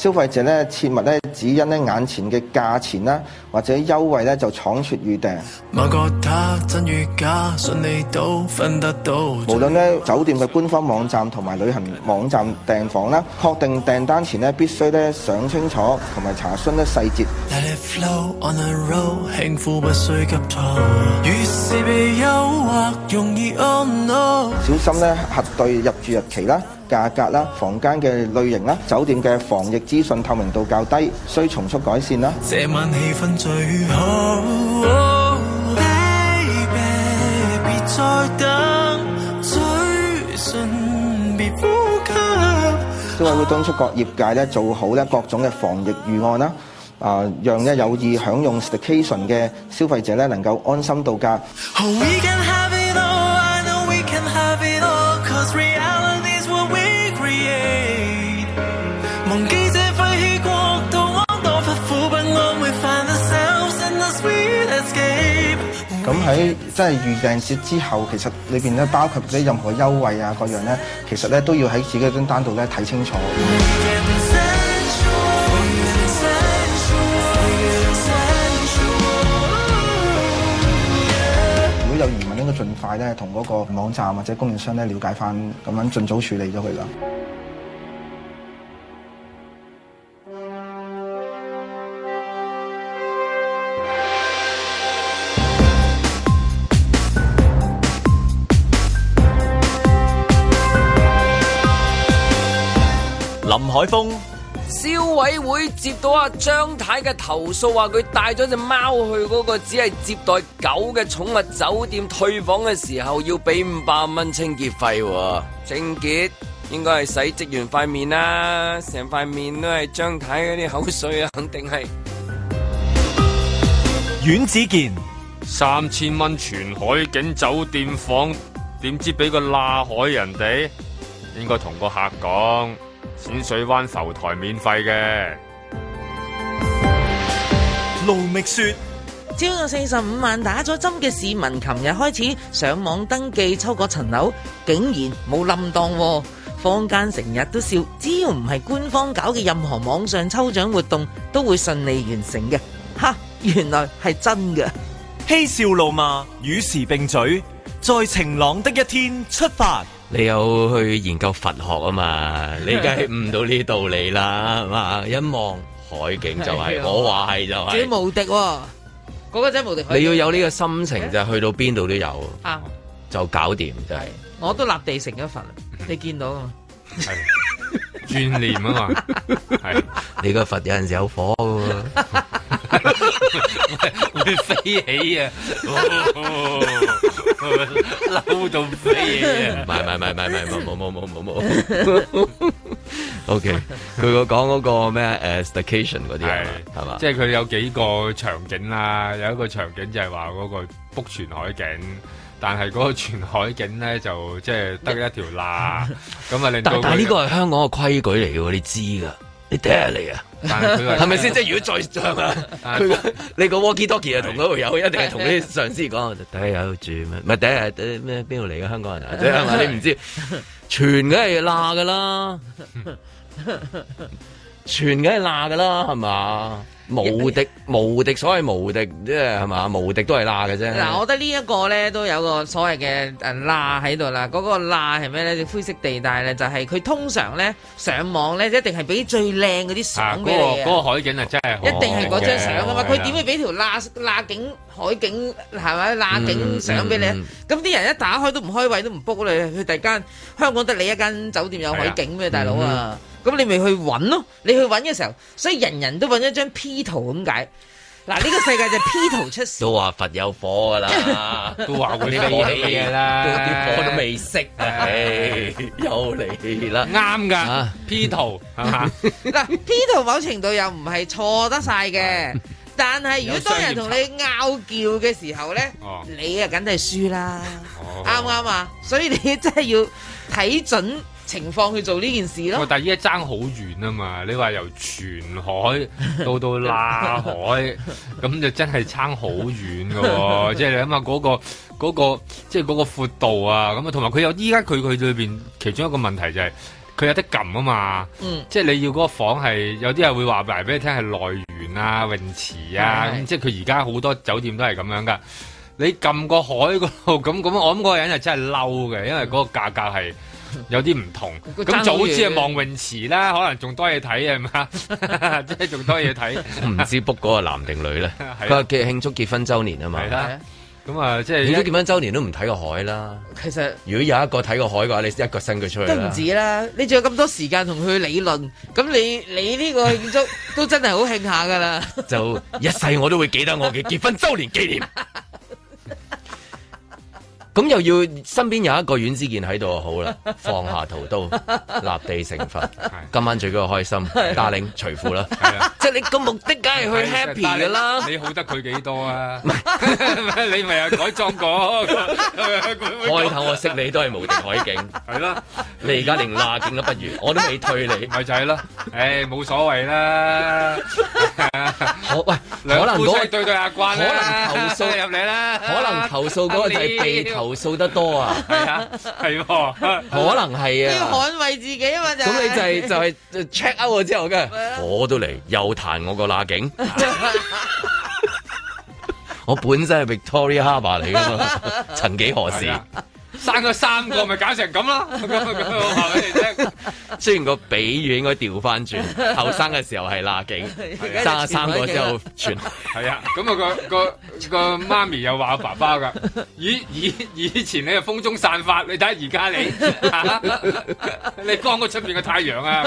D: 消費者咧，切勿咧只因咧眼前嘅價錢啦，或者優惠咧就倉促預
A: 訂。無論
D: 咧酒店嘅官方網站同埋旅行網站訂房啦，確定訂單前咧必須咧想清楚同埋查詢咧細
A: 節。Road, 摁摁
D: 小心咧核對入住日期啦。價格啦，房間嘅類型啦，酒店嘅防疫資訊透明度較低，需從速改善啦。
E: 消
D: 委會敦促各業界咧做好咧各種嘅防疫預案啦，啊，讓咧有意享用 staycation 嘅消費者咧能夠安心度假。喺即係預訂時之後，其實裏邊咧包括啲任何優惠啊各樣咧，其實咧都要喺自己張單度咧睇清楚。 如果有疑問，應該盡快咧同嗰個網站或者供應商咧了解翻，咁樣盡早處理咗佢啦。
A: 海風，消委會接到阿張太嘅投訴，話佢帶咗隻貓去嗰個只係接待狗嘅寵物酒店退房嘅時候，要俾五百蚊清潔費。清潔應該係洗職員塊面啦，成塊面都係張太嗰啲口水啊，肯定係。阮子健，
B: 三千蚊全海景酒店房，點知俾個鬧海人哋？應該同個客講。淺水灣浮台免費嘅，
C: 盧覓雪朝早四十五萬打咗針嘅市民，琴日開始上網登記抽嗰層樓，竟然冇冧檔，坊間成日都笑，只要唔係官方搞嘅任何網上抽獎活動，都會順利完成嘅。哈，
A: 原來係真嘅，嬉笑怒罵與時並舉，在晴朗的一天出發。.你有去研究佛學啊嘛？你梗係悟到呢道理啦，係嘛？一望海景就係、是，的我話係就係、是。真無敵、哦，
C: 嗰、那個真係無敵。你要有
A: 呢個心情、欸、就去到邊度都有，啊、就搞掂，真、就、係、是。
C: 我都立地成一佛，你見到。
A: 係轉念啊嘛，係你個佛有陣時有火噶、啊 哎，
C: 會
B: 飛起啊，嬲
A: 到飛起啊！唔係唔係唔係唔係唔冇冇冇冇冇。 OK，佢個講嗰個咩誒 staycation 嗰啲啊，係、呃、嘛？是吧即係佢有幾個
B: 場景啦，有一個場景就係話嗰個福全海景。但係嗰個全海景咧，就即係得一條罅，咁啊令到佢。但但呢個
A: 係香港嘅規矩嚟噶，你知噶，你嗲你啊！係咪先？即係如果再漲啊，但 你個 walkie-talkie 啊，同嗰個友一定係同啲上司講，第一日有住咩、啊？唔係第一日咩？邊度嚟嘅香港人啫、啊？係嘛？ 你唔知，全梗係罅噶啦， 全梗係罅噶啦，係嘛？無敵無敵，所謂無敵即係係嘛，無敵都係罅嘅啫。嗱、啊，我覺
C: 得呢一個咧都有個所謂嘅誒罅喺度啦。嗰、那個罅係咩咧？灰色地帶咧，就係、是、佢通常咧上網咧一定係俾最靚嗰啲相俾你啊。嗰、那個那個海
B: 景啊，真係一定係嗰張相啊嘛。佢點
C: 會俾條罅罅景海景係咪？罅景相俾你？咁啲、嗯嗯、人一打開都唔開位，都唔 book 你去第間香港得你一間酒店有海景咩，大佬啊！嗯咁你咪去揾咯，你去揾嘅時候，所以人人都揾咗張 P 圖咁解。嗱，呢、這
A: 個世界就係 P 圖出事。都話佛有火噶啦，都話會有火嘅啦，都啲火都未熄啊，又嚟啦。啱噶、 嗯、，P 圖嗱
C: ，P 圖某程度又唔係錯得晒嘅， 但係如果當人同你拗叫嘅時候咧， 你啊梗係輸啦。啱唔啱啊？所以你真係要睇準。情況去做呢件事咯。
B: 但係依家爭好遠啊嘛！你話由全海到到拉海，咁 就真係爭好遠嘅喎、哦。即係 你諗下嗰個即係嗰個闊、那個就是、度啊！咁啊，同埋佢有依家佢佢裏邊其中一個問題就係、是、佢有得撳啊嘛。嗯、即係你要嗰個房係有啲人會話埋俾你聽係內園啊、泳池啊。咁、嗯、即係佢而家好多酒店都係咁樣噶。你撳個海嗰度咁咁，我諗嗰個人就真係嬲嘅，因為嗰個價格係。有啲唔同，咁早知啊望泳池啦，可能仲多嘢睇啊，係嘛？即係仲多嘢睇。唔
A: 知 book 嗰個男定女咧，不過慶祝結婚周年啊嘛，係啦，咁啊即係慶祝結婚周年都唔睇個海啦。其實如果有一個睇個海嘅話，你一腳伸佢出去都唔止
C: 啦。你仲有咁多時間同佢理論，咁你你呢個慶祝都真係好慶下噶啦。
A: 就一世我都會記得我嘅結婚周年紀念。咁又要身邊有一個阮之健喺度好啦，放下屠刀，立地成佛。今晚最緊要開心，帶領除褲啦。即係你個目的，梗係去 happy 噶啦。你好得佢幾多啊？唔係你咪又改裝過。開頭我識你都係無敵海景。係啦，你而家連那景都不如，我都未退你。咪就係咯，誒，冇所謂啦。好，喂，兩副都可以對對下關。可能投訴入嚟啦。可能投訴嗰個就係被。投訴得多啊，係啊，係，可能係啊，要捍
C: 衛自己啊嘛就係。咁 你就係、是、就係、
A: 是、check out 之後嘅， 我都嚟又彈我個那景， 我本身係 Victoria Harbour 嚟噶嘛， 曾幾何時
B: 生咗三個咪搞成咁啦。
A: 雖然個比喻應該調翻轉，後生嘅時候係拉警，生咗、啊、三,三個之後全
B: 係啊。咁、那、啊個個個媽咪又話我爸爸噶以以以前你係風中散發，你睇下而家你你光過出面嘅太陽啊。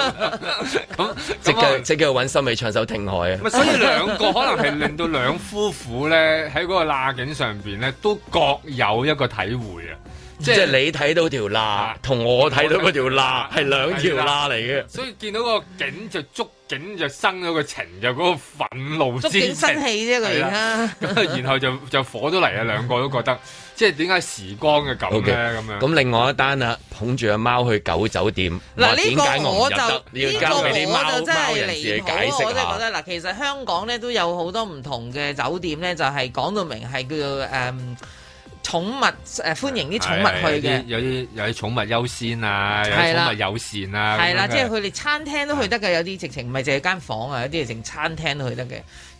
B: 咁
A: 即刻即刻去揾心理唱首《聽海》啊。咪、啊啊啊、所以兩個可能係令
B: 到兩夫婦咧喺嗰個拉警上邊咧都各有一個體會啊。即係你睇到條罅，同、啊、我睇到嗰條罅係兩條罅嚟嘅。所以見到個景就觸景，就生咗個情，就嗰個憤怒。觸景生氣啫佢啊，咁、啊、然後就就火咗嚟啊！兩個都覺得，即係點解時光嘅狗咧咁樣。咁
A: 另外一單啊，捧住阿貓去狗酒店。嗱呢個我就
B: 呢個我就
C: 真係離譜，我真係覺得嗱，其實香港咧都有好多唔同嘅酒店咧，就係講到明係叫做誒。Um, 寵物誒、呃、歡迎啲寵物去嘅，
B: 有啲有啲寵物優先啊，的有寵物友善啊，係啦的，即係佢
C: 哋餐廳都去得嘅，有啲直情唔係淨係間房啊，是的 有啲係淨餐廳都去得嘅。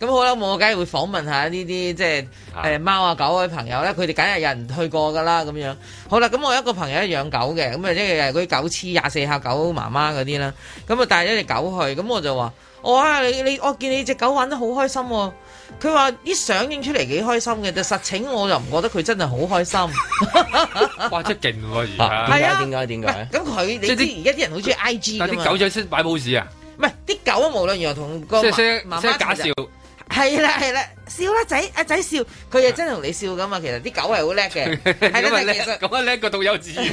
C: 咁好啦，我梗係會訪問下呢啲即係誒貓啊、狗啊朋友咧，佢哋梗係有人去過噶啦咁樣。好啦，咁、嗯、我一個朋友一養狗嘅，咁啊即係啲狗黐廿四下狗媽媽嗰啲啦，咁啊帶咗隻狗去，咁我就話。我啊，你你我見你隻狗玩得好開心，佢話啲相影出嚟幾開心嘅，但實情我又唔覺得佢真係好開心。
A: 哇，真勁喎而家，係啊，點解點解？咁
C: 佢你知而家啲人好中意 I G。但啲狗仔
A: 識擺 pose 啊？
C: 唔係，啲狗無論如何同個媽媽，即係假笑。係啦係啦，笑啦仔阿仔笑，佢又真係同你笑噶嘛？其實啲狗係好叻嘅，
B: 係咯，其實咁啊叻個獨有自然。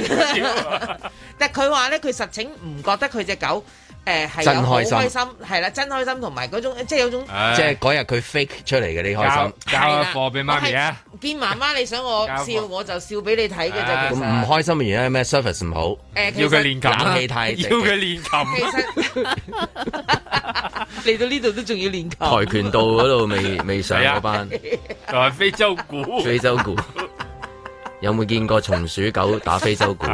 C: 但係佢話咧，佢實情唔覺得佢隻狗。誒，係、嗯、真開心，係啦，真開心，同埋嗰種即係有種，即係
A: 嗰日佢 fake 出嚟嘅你開心，交貨俾媽咪啊，
C: 見媽媽你想我笑我，我就笑俾你睇嘅啫，其實唔、啊、
A: 開心嘅原因係咩 service 唔好，要佢練琴，要
B: 佢練琴，
C: 其實嚟到呢度都仲要練琴，跆拳道嗰
A: 度未未上過班，同埋、 就係、非洲鼓， 非洲鼓。有冇見過松鼠狗打非洲鼓？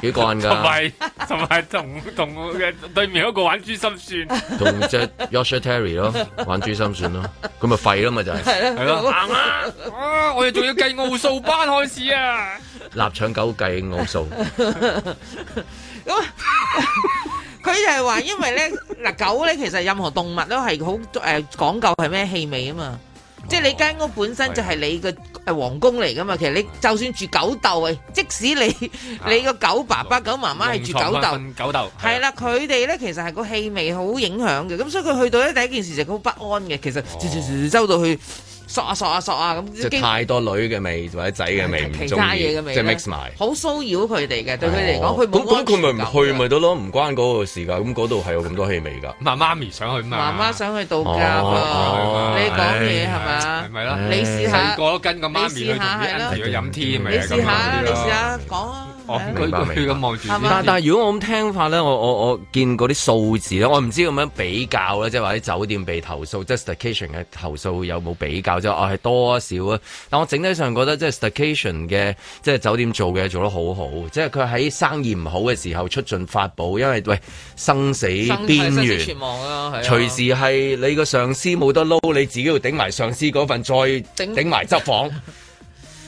A: 幾干噶？同埋
B: 同埋同同我嘅對面嗰個玩珠心算，同隻
A: Yoshi Terry 咯，玩珠心算咯，咁咪廢咯嘛，就係係咯，行啦
C: 啊！我哋仲要計奧數班開始啊！
A: 臘腸狗計奧數，咁
C: 佢就係話，因為咧嗱狗咧，其實任何動物都係好誒講究係咩氣味啊嘛。即係你間屋本身就係你嘅皇宮嚟噶嘛，其實你就算住狗竇，即使你你個狗爸爸、狗媽媽係住狗竇，分分狗竇係啦，佢哋咧其實係個氣味好影響嘅，咁所以佢去到咧第一件事就好不安嘅，其實嘈嘈嘈嘈到去。哦索啊索啊索啊咁，就太
A: 多女嘅味或者仔嘅味唔中意，其他嘢嘅味，即係 mix 埋，
C: 好騷擾佢哋嘅。對佢嚟講，佢冇
A: 咁咁佢咪唔去咪到咯？唔關嗰個事㗎。咁嗰度係有咁多氣味㗎。媽媽咪想去，媽
C: 媽想去度
B: 假。你講嘢係咪？咪咯，你試下。你過咗
A: 跟個媽咪去同
B: 啲 u n 飲添咪？你試下你試下講。我、哦、明白但但
A: 係如果我咁聽法咧，我我我見過啲數字咧，我唔知咁樣比較咧，即係話啲酒店被投訴，即係 Staycation 嘅投訴有冇比較，即係我係多少啊，啊？但我整體上覺得即係 Staycation 嘅，即係酒店做嘅做得好好，即係佢喺生意唔好嘅時候出盡法寶，因為喂，生死邊緣，隨、啊、時係你個上司冇得撈，你自己要頂埋上司嗰份，再頂頂埋執房。頂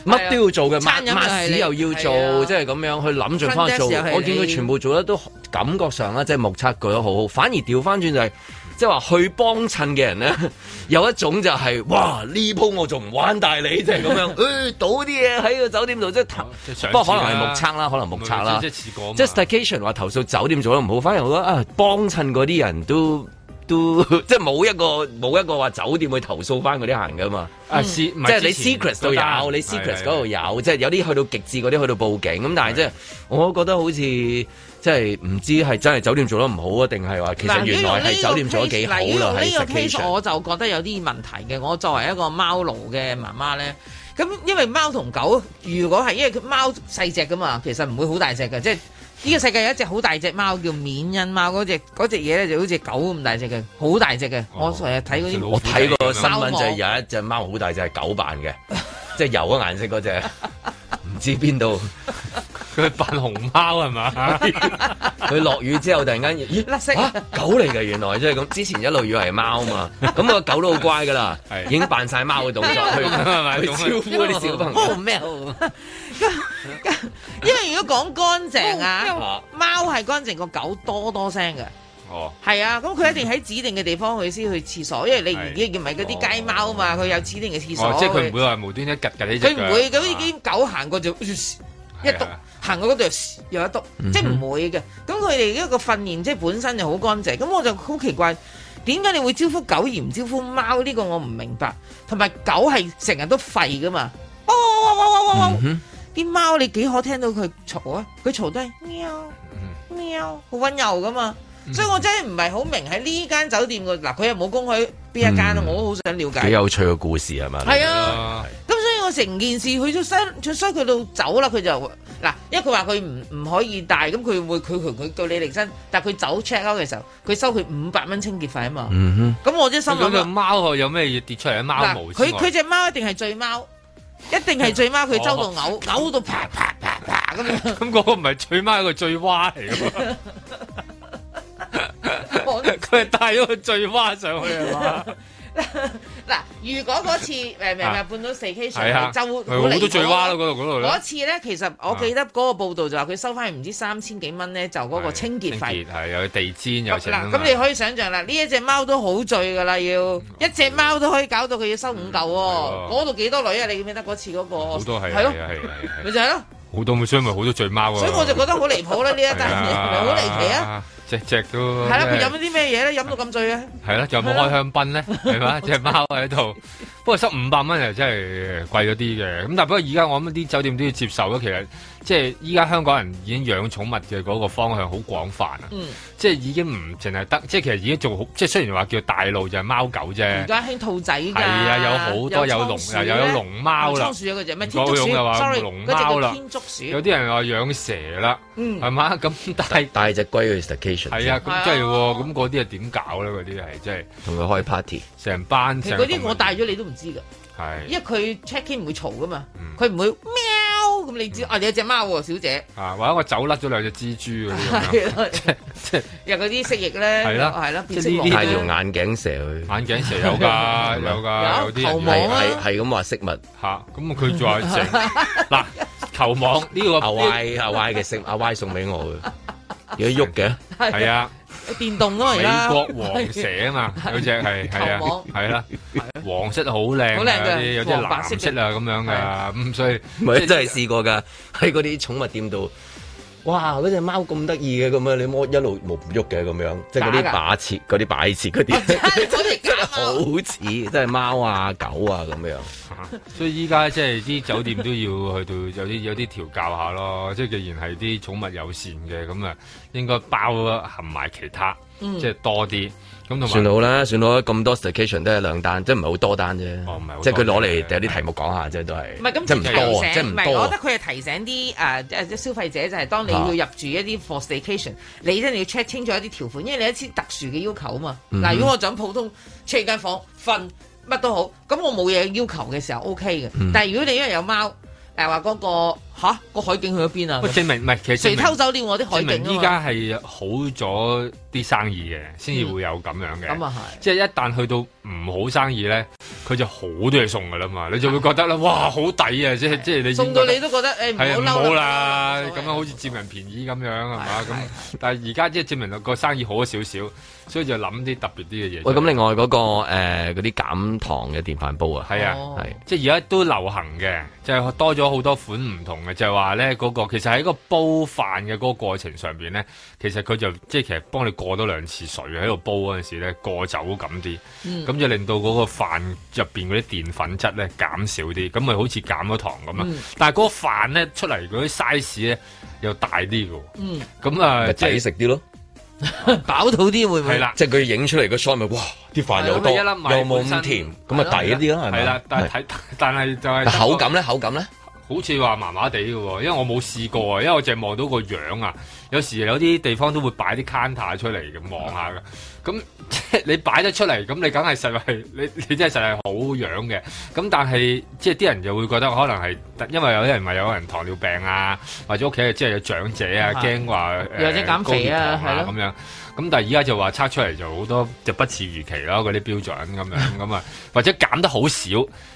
A: 乜都要做嘅，啊、抹屎又要做，即係咁樣、啊、去諗盡翻去做。我見佢全部做得都感覺上啦，即、就、係、是、目測佢得好好。反而調翻轉就係、是，即係話去幫襯嘅人咧， 有一種就係、是、哇呢鋪我仲唔玩大你，即係咁樣。誒、 呃，倒啲嘢喺個酒店度，即、就、係、是、 不過可能係目測啦，可能目測啦。不不即係 Staycation 話投訴酒店做得唔好，反而我覺得啊，幫襯嗰啲人都。都即係冇一個冇一個話酒店去投訴翻嗰啲行噶嘛？啊，嗯、即係你 Secrets 都有，嗯、你 Secrets 嗰度有。對對對，即係有啲去到極致嗰啲去到報警咁，對對對，但係即係，對對對，我覺得好似即係唔知係真係酒店做得唔好啊，定係話其實原來係酒店做得幾好啦？呢個 case 時我
C: 就覺得有啲問題嘅。我作為一個貓奴嘅媽媽咧，咁因為貓同狗如果係因為佢貓細隻噶嘛，其實唔會好大隻嘅，即係。呢個世界有一隻好大隻貓叫緬因貓。嗰隻隻嘢咧就好似狗咁大隻嘅，好大隻嘅。我成日睇嗰啲，我睇過新聞就有一
A: 隻貓好大隻係狗扮嘅，即係油嘅顏色嗰隻，唔知邊度佢扮熊貓係嘛？佢落雨之後突然間，咦，甩色，狗嚟嘅原來，即係咁。之前一路以為係貓嘛，咁個狗都好乖㗎喇，已經扮晒貓嘅動作去招呼啲小
C: 朋友。因為如果講乾淨啊，貓係乾淨過狗多多聲嘅，係、哦、啊，咁佢一定喺指定嘅地方去先去廁所，因為你而家唔係嗰啲街貓啊嘛，佢、哦、有指定嘅廁所，哦、即係佢唔會
B: 話無端一吉 𥄫 佢唔會，咁已經
C: 狗行過就一篤，行的過嗰度又一篤、嗯哼，即係唔會嘅。咁佢哋一個訓練即係本身就好乾淨，咁我就好奇怪，點解你會招呼狗而唔招呼貓？呢、這個我唔明白。同埋狗係成日都吠噶嘛，汪啲貓你幾可聽到佢嘈啊？佢嘈都係喵喵，好溫柔噶嘛。 所以我真係唔係好明喺呢間酒店嘅。嗱，佢又冇公開邊一間， 我都好想了解。幾有
A: 趣嘅故事係嘛？係啊，咁、嗯
C: 啊啊、所以我成件事佢都衰，佢衰佢到走啦。佢就嗱，因為佢話佢唔唔可以帶，咁佢會佢絕佢叫你離身。但係佢走 check out 嘅時候，佢收佢五百蚊清潔費啊嘛。
B: 咁 我都心諗隻貓有咩嘢跌出嚟？貓毛佢佢
C: 隻貓一定係最貓。一定係醉貓，佢周到嘔嘔噗到啪啪啪啪
B: 咁。咁嗰個唔係醉貓，係個醉蛙嚟噶。佢係帶咗個醉蛙上去啊嘛。
C: 嗱，如果嗰次誒明誒半到四 K 上面，就好離譜。嗰次咧，其實我記得嗰個報道就話佢收翻唔知三千幾蚊咧，就嗰個清潔費，
B: 係又有地氈又。咁你可
C: 以想象啦，呢一隻貓都好醉噶啦，要一隻貓都可以搞到佢要收五嚿喎。嗰度幾多女啊？你記唔記得嗰次嗰個好多係，係咪就係咯？
B: 好多咪所咪好多醉貓，所以我就
C: 覺得好離譜啦，呢一單係咪好離奇啊？
B: 隻隻都係啦！佢飲咗
C: 啲咩嘢咧？飲到咁醉
B: 咧、啊？係啦，仲有冇開香檳咧？係嘛的，隻 貓喺度。 不過收五百蚊又真係貴咗啲嘅。咁但不過而家我諗啲酒店都要接受咯。其實。即係依家香港人已經養寵物嘅嗰個方向好廣泛啊！即係已經唔淨係得，即係其實已經做好，即係雖然話叫大路就係貓狗啫。而家
C: 興兔仔㗎。係啊，有好多有龍又有龍貓啦。松鼠啊，嗰隻咩天竺鼠。
B: 有啲人話養蛇啦，係嘛？咁帶帶隻龜去 station。係啊，咁即係喎，咁嗰啲係點搞咧？嗰啲係即係同佢開 party。成班。即係嗰啲我
C: 帶咗你都唔知㗎。係。因為佢 check in 唔會嘈㗎嘛，佢唔會咩。咁你知，你有隻貓喎，小姐。啊，
B: 或者我走甩咗兩隻蜘蛛。係咯，即即
C: 有嗰啲蜥蜴咧。係啦，係啦，變色龍咧。係條
B: 眼鏡蛇。眼鏡蛇有噶，有噶。有啲人係係
A: 係咁話飾物。吓，咁佢再整嗱球網呢個阿 Y 阿 Y 嘅飾，阿 Y 送俾我嘅，如果喐嘅，係啊。
C: 電動嗰個啦，美國王
B: 蛇啊嘛，嗰隻係係啊，係啦，黃色好靚，有啲藍
A: 色啊咁樣嘅，咁衰，唔係真係試過噶，喺嗰啲寵物店度。哇！嗰隻貓咁得意嘅咁啊，你摸一路冇喐嘅咁樣，即係嗰啲擺設、嗰啲擺設嗰啲， 真係好似真係貓啊、狗啊咁樣。
B: 所以依家即係啲酒店都要去到有啲有啲調教下咯。即係既然係啲寵物友善嘅咁啊，應該包含埋其他，嗯、即係多
A: 啲。算好啦，嗯、算好啦，咁多 staycation 都係兩單，即係唔係好多單啫。哦，唔係，即係佢攞嚟有啲題目講下啫，嗯、都係。唔係咁，即唔多，醒即多。我覺得佢
C: 係提醒啲誒誒消費者，就係當你要入住一啲 staycation，啊、你一定要 check 清楚一啲條款，因為你一啲特殊嘅要求啊嘛。嗱、嗯，如果我就普通 check 間房瞓乜都好，咁我冇嘢要求嘅時候 OK 嘅。嗯、但係如果你因為有貓誒話嗰個。嚇個海景去咗邊啊！唔證
B: 明唔係，其實誰偷走咗我啲海景啊？依家係好咗啲生意嘅，先至會有咁樣嘅。咁啊係，即係一旦去到唔好生意咧，佢就好多嘢送噶啦嘛，你就會覺得咧，哇，好抵啊！即係即係你送到你都覺得誒唔好嬲啦，咁樣好似佔人便宜咁樣係嘛？咁但係而家即係證明個生意好咗少少，所以就諗啲特別啲嘅嘢。喂，咁另
A: 外嗰個嗰啲減糖嘅電飯煲啊，係啊，
B: 係即係而家都流行嘅，即係多咗好多款唔同嘅。就係話咧嗰個，其實喺個煲飯嘅嗰個過程上邊咧，其實佢就即係其實幫你過多兩次水喺度煲嗰陣時咧，過酒咁啲，咁就令到嗰個飯入邊嗰啲澱粉質咧減少啲，咁咪好似減咗糖咁啊！但係嗰個飯咧出嚟嗰啲 size 咧又大啲嘅，嗯，咁啊，抵食啲咯，飽肚啲會唔會係啦？
A: 即係佢影出嚟個菜咪哇，啲飯又多又冇咁甜，咁啊抵啲咯係咪？係啦，但係
B: 睇，但係就係口感咧，口感咧。好似話麻麻地嘅喎，因為我冇試過啊，因為我淨係望到個樣啊。有時有啲地方都會擺啲 counter 出嚟咁望下㗎。咁 即係你擺得出嚟，咁你梗係實係你你真係實係好樣嘅。咁但係即係啲人就會覺得可能係因為有啲人咪有人糖尿病啊，或者屋企即係有長者啊，驚話誒減肥啊，係咯咁樣。咁但係而家就話測出嚟就好多就不似預期囉，嗰啲標準咁樣咁啊，或者減得好少，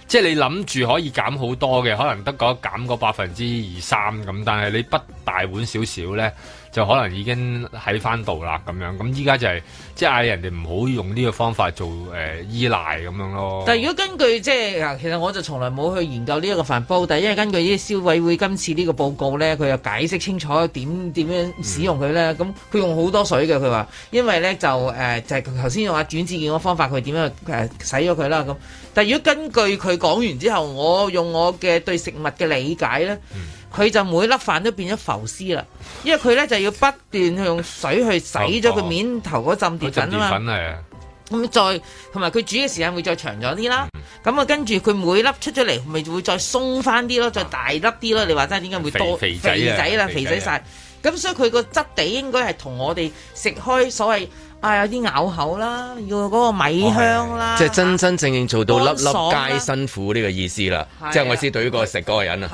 B: 即係你諗住可以減好多嘅，可能得個減個百分之二三咁，但係你不大碗少少呢。就可能已經喺翻度啦，咁樣咁依家就係即係嗌人哋唔好用呢個方法做誒、呃、依賴咁樣咯。但係
C: 如果根據即係啊，其實我就從來冇去研究呢一個飯煲，但係因為根據啲消委會今次呢個報告咧，佢又解釋清楚點點樣，樣使用佢咧。咁佢、嗯、用好多水嘅，佢話因為咧就誒、呃、就係頭先用阿轉字見嘅方法，佢點樣誒洗咗佢啦。咁、呃、但係如果根據佢講完之後，我用我嘅對食物嘅理解咧。嗯佢就每粒飯都變咗浮絲啦，因為佢咧就要不斷去用水去洗咗個面頭嗰浸澱粉啊嘛，
B: 咁
C: 再同埋佢煮嘅時間會再長咗啲啦。咁啊，跟住佢每粒出咗嚟，咪會再鬆翻啲咯，再大粒啲咯。你話齋點解會多肥仔啦，肥仔晒。咁所以佢個質地應該係同我哋食開所謂啊有啲咬口啦，要嗰個米香啦，即係
A: 真真正正做到粒粒皆辛苦呢個意思啦。即係我知對於個食嗰個人啊。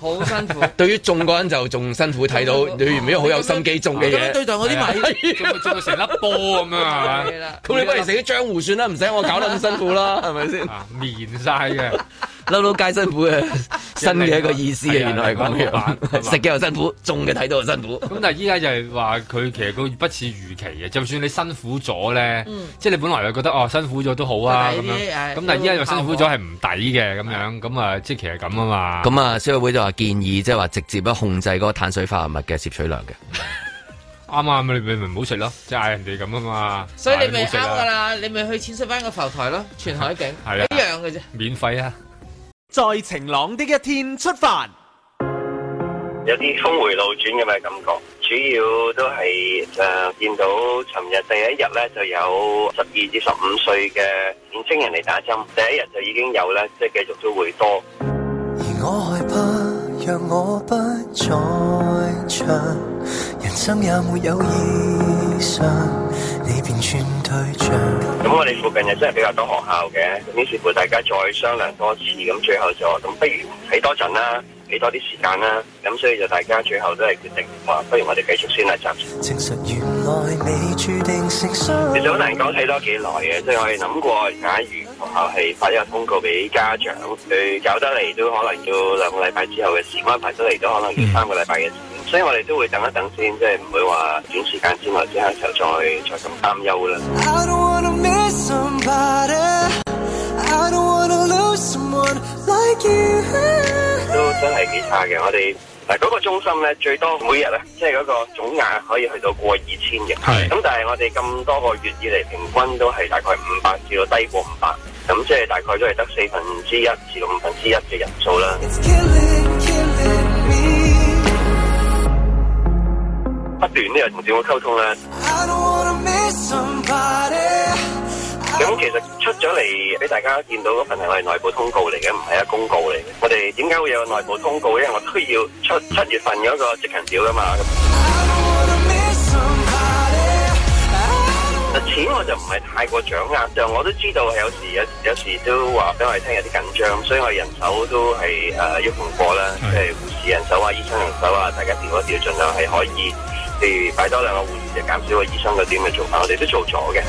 C: 好
B: 辛
A: 苦， 對於種嗰人就仲辛苦，睇到你原本好有心機種嘅嘢，咁對待我啲米， 了種
F: 到成粒波咁啊！你 不如食啲
A: 漿糊算啦，唔使我搞到咁辛苦啦，係咪先？ 綿晒色嘅的。 撈撈街辛苦嘅，新嘅一個意思啊！原來係咁嘅，食嘅又辛苦，種嘅睇到又辛苦。
B: 咁但係依家就係話佢其實佢不似預期嘅，就算你辛苦咗咧，即係你本來又覺得哦辛苦咗都好啊咁樣。咁但係依家又辛苦咗係唔抵嘅咁樣。咁啊，即係其實咁啊嘛。咁
A: 啊，消委會就話建議即係話直接啊控制嗰個碳水化合物嘅攝取量嘅。
B: 啱唔啱啊？你你咪唔好食咯，即嗌人哋咁啊嘛。
C: 所以你咪啱噶啦，你咪去淺水灣個浮台咯，全海景係一樣嘅啫，免費啊！在晴朗的一天出發，
F: 有啲峰回路轉咁嘅感覺。主要都係誒、呃、見到尋日第一日咧就有十二至十五歲嘅年輕人嚟打針，第一日就已經有啦，即係繼續都會多。而我害怕，若我不再唱，人生也沒有異常。咁我哋附近又真係比較多學校嘅，咁於是乎大家再商量多次，咁最後就咁，不如睇多陣啦，俾多啲時間啦，咁所以就大家最後都係決定話，不如我哋繼續先啦，暫時。其實好難講睇多幾耐嘅，即係可以諗過，假如學校係發一個通告俾家長，佢搞得嚟，都可能要兩個禮拜之後嘅時間安排出嚟，都可能要三個禮拜嘅。所以我哋都會等一等先，即係唔會話短時間之內之後就再就再咁擔憂啦。都真係幾差嘅，我哋嗱嗰個中心咧，最多每日咧，即係嗰個總額可以去到過二千嘅。係是。咁但係我哋咁多個月以嚟，平均都係大概五百至到低過五百，咁即係大概都係得四分之一至到五分之一嘅人數啦。不斷呢樣同政府溝通啦。咁其實出咗嚟俾大家見到嗰份係我哋內部通告嚟嘅，唔係一個公告嚟嘅。我哋點解會有內部通告？因為我需要出七月份嗰個職勤表噶嘛。嗱，錢我就唔係太過掌握，就我都知道有，有時有時有時都話俾我哋聽有啲緊張，所以我人手都係誒喐唔過啦，即係護士人手啊、醫生人手啊，大家調一調，盡量係可以。譬如擺多兩個護士，就減少個醫生嗰啲咁嘅做法，我哋都做咗嘅。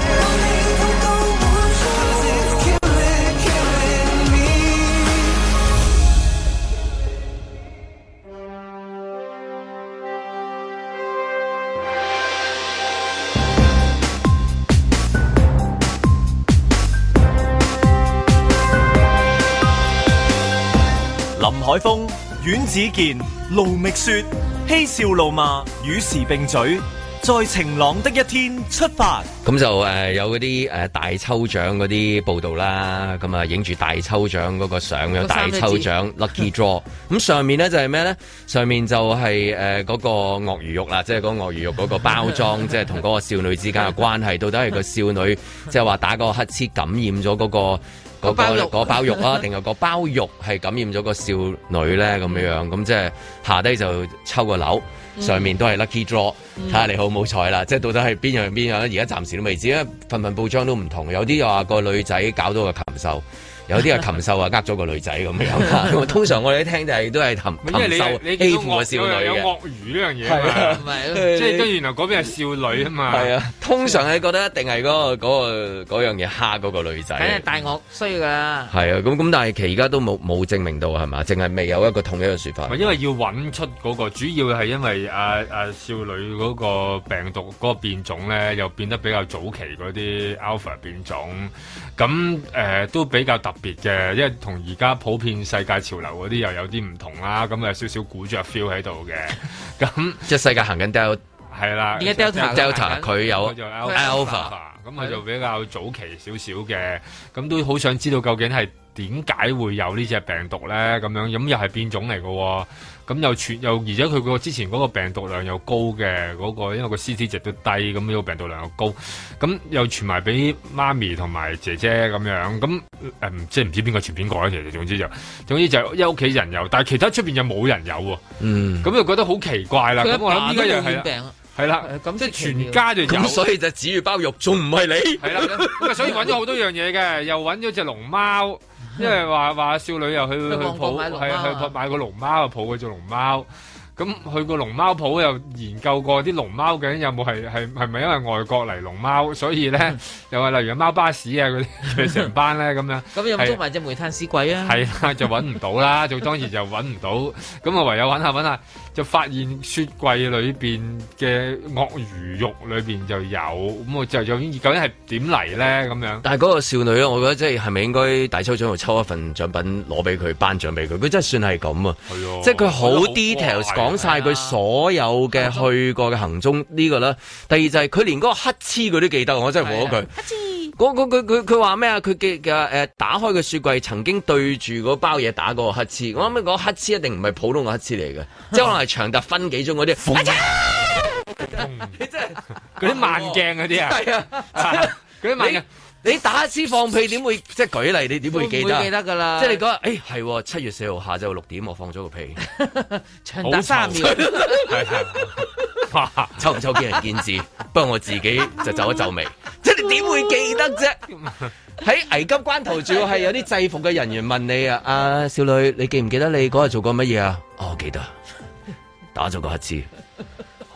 A: 林海峰、阮子健、盧覓雪。嬉笑怒罵與時並嘴，在晴朗的一天出發。咁、嗯、就誒、呃、有嗰啲誒大抽獎嗰啲報導啦，咁啊影住大抽獎嗰個相，有大抽獎 lucky draw。咁上面咧就係咩咧？上面就係誒嗰個鱷魚肉啦，即係嗰個鱷魚肉嗰個包裝，即係同嗰個少女之間嘅關係，到底係個少女即係話打個乞嗤感染咗嗰、嗰個。個個個包肉啊，定係 個包肉係感染咗個少女咧咁樣，咁即係下低就抽個樓，上面都係 lucky draw，睇下、嗯、你好唔好彩啦。嗯、即係到底係邊樣邊樣咧？而家暫時都未知，份份報章都唔同，有啲又話個女仔搞到個禽獸。有啲係禽獸啊，呃咗個女仔咁樣。通常我哋聽就係都係禽禽獸欺負個少女嘅。有
F: 鱷
B: 魚呢樣嘢，係即係跟原來嗰邊係少女啊嘛。係
A: 啊，通常你覺得一定係嗰個嗰樣嘢蝦嗰個女仔。梗係
C: 大鱷衰
A: 㗎。係啊，咁咁但係而家都冇冇證明到係嘛？淨係未有一個統一嘅説法。因
B: 為要揾出嗰個主要係因為阿阿少女嗰個病毒嗰個變種咧，又變得比較早期嗰啲 alpha 變種，咁誒都比較特別。別嘅，因為同而家普遍世界潮流嗰啲又有啲唔同啦，咁有少少古着 feel 喺度嘅。咁即係世界行緊 Delta，係啦，而家 Delta 佢有 Alpha，咁佢就比較早期少少嘅。咁都好想知道究竟係點解會有呢隻病毒咧？咁樣，咁又係變種嚟嘅。咁又傳又，而且佢個之前嗰個病毒量又高嘅，嗰、嗰個因為個 C T 值都低，咁呢個病毒量又高，咁又傳埋俾媽咪同埋姐姐咁樣，咁誒即係唔知邊個傳邊個咧，其實總之就總之就一屋企人有，但係其他出邊又冇人有喎。嗯，咁就覺得好奇怪
A: 啦。咁我諗依家又係啦，
B: 係啦，即係了全家就有。所
A: 以就子欲包肉，仲唔係你？係啦，
B: 咁啊，所以揾咗好多樣嘢嘅，又揾咗隻龍貓。因為話話少女又去去鋪，係去鋪買個龍貓啊，抱佢做龍貓。咁去過龍貓鋪又研究過啲龍貓究竟有冇係係係咪因為外國嚟龍貓，所以咧又話例如貓巴士啊佢哋，成班咧咁樣。咁 有冇捉
C: 埋隻煤炭屎鬼啊？係
B: 啦就揾唔到啦，做裝置就揾唔到。咁啊，唯有揾下揾下。就發現雪櫃裏邊嘅鱷魚肉裏邊就有，咁我就究竟係點嚟咧咁樣，
A: 但係個少女咧、啊,我覺得即係係咪應該大抽獎度抽一份獎品攞俾佢，頒獎俾佢？佢真係算係咁啊！係、啊、即係佢好 details 講晒佢所有嘅去過嘅行蹤呢、啊、個啦、啊。第二就係佢連個個黑痴佢都記得，我真係服咗佢。佢佢佢話咩啊？佢嘅嘅誒打開嘅雪櫃曾經對住嗰包嘢打過乞嗤，我諗講乞嗤一定唔係普通嘅乞嗤嚟嘅，即係可能長達分幾鐘嗰啲。你真係嗰啲慢鏡嗰啲啊！係啊，啲慢你打乞嗤放屁點會？即係舉例，你點會記得？記得㗎啦！即係你講，誒係七月四號下晝六點，我放咗個屁，
G: 長達三秒。
A: 抽唔抽見仁見智， 不過我自己就皺一皺眉，即係你點會記得啫？喺危急關頭，仲要係有啲制服嘅人員問你啊，阿少女，你記唔記得你嗰日做過乜嘢啊？哦，記得，打咗個乞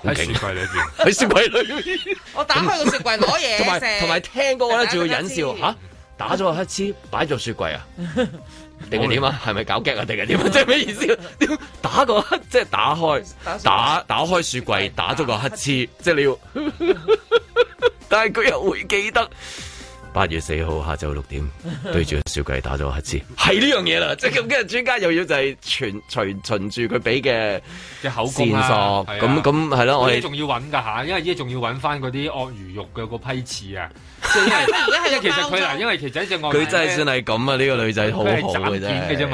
A: 嗤，喺 雪櫃裏邊，喺 雪櫃裏邊， 我打開個雪櫃攞嘢，同埋同埋聽歌咧，仲要忍笑吓，打咗個乞嗤，擺咗 雪櫃啊。 定係點啊？係咪搞 gag 啊？定係點啊？即係咩意思啊？打個黑，即係打開打打，打開雪櫃打咗個黑黐，打黑即係你要， 但係佢又會記得。八月四號下晝六點，對住小鬼打咗一次，係呢 樣嘢啦，即係咁，跟住專家又要就係循循住佢俾嘅口供咁咁係咯，我哋仲
B: 要揾噶吓，因為依家仲要揾翻嗰啲鱷魚肉嘅個批次啊， 即係因為其實佢嗱，因為其實隻鱷魚真係算係
A: 咁啊，呢、這個女仔好好
B: 嘅啫，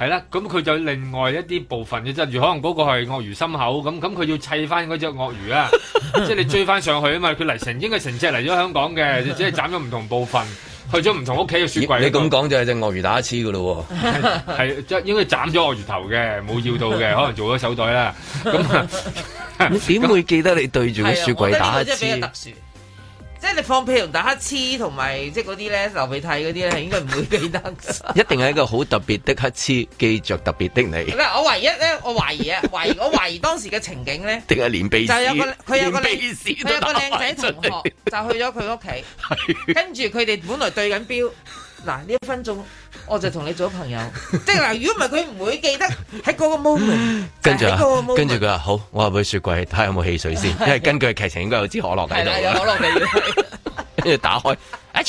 B: 係啦，咁佢、啊啊、就另外一啲部分嘅，就如可能嗰個係鱷魚心口，咁咁佢要砌翻嗰隻鱷魚啊， 即係你追翻上去啊嘛，佢嚟成應該成隻嚟咗香港嘅，即係斬咗唔。同部分去咗唔同屋企嘅雪櫃，你咁
A: 講就係隻鱷魚打一次嘅咯
C: 喎，係
B: 即應該斬咗鱷魚頭嘅，冇要到嘅，可能做咗手袋啦。咁
A: 點 會記得你對住個雪櫃打一次？
C: 即係你放屁同打乞嗤，同埋，即係嗰啲咧流鼻涕嗰啲咧，應該唔會記得。
A: 一定係一個好特別的乞嗤。記着特別的你。
C: 嗱，我唯一咧， 我懷疑啊，懷疑我懷疑當時嘅情景咧，
A: 定係連鼻屎就有個佢有個靚佢有個靚仔同
C: 學，就去咗佢屋企，
A: 跟
C: 住佢哋本來對緊標。嗱，呢一分鐘，我就同你做朋友， 即係嗱，如果唔係佢唔會記得喺嗰個 moment，跟住、啊、跟住
A: 佢話好，我入去雪櫃睇下有冇汽水先， 的因為根據劇情應該有支可樂喺度，有可樂嘅，跟住 打開。 啊、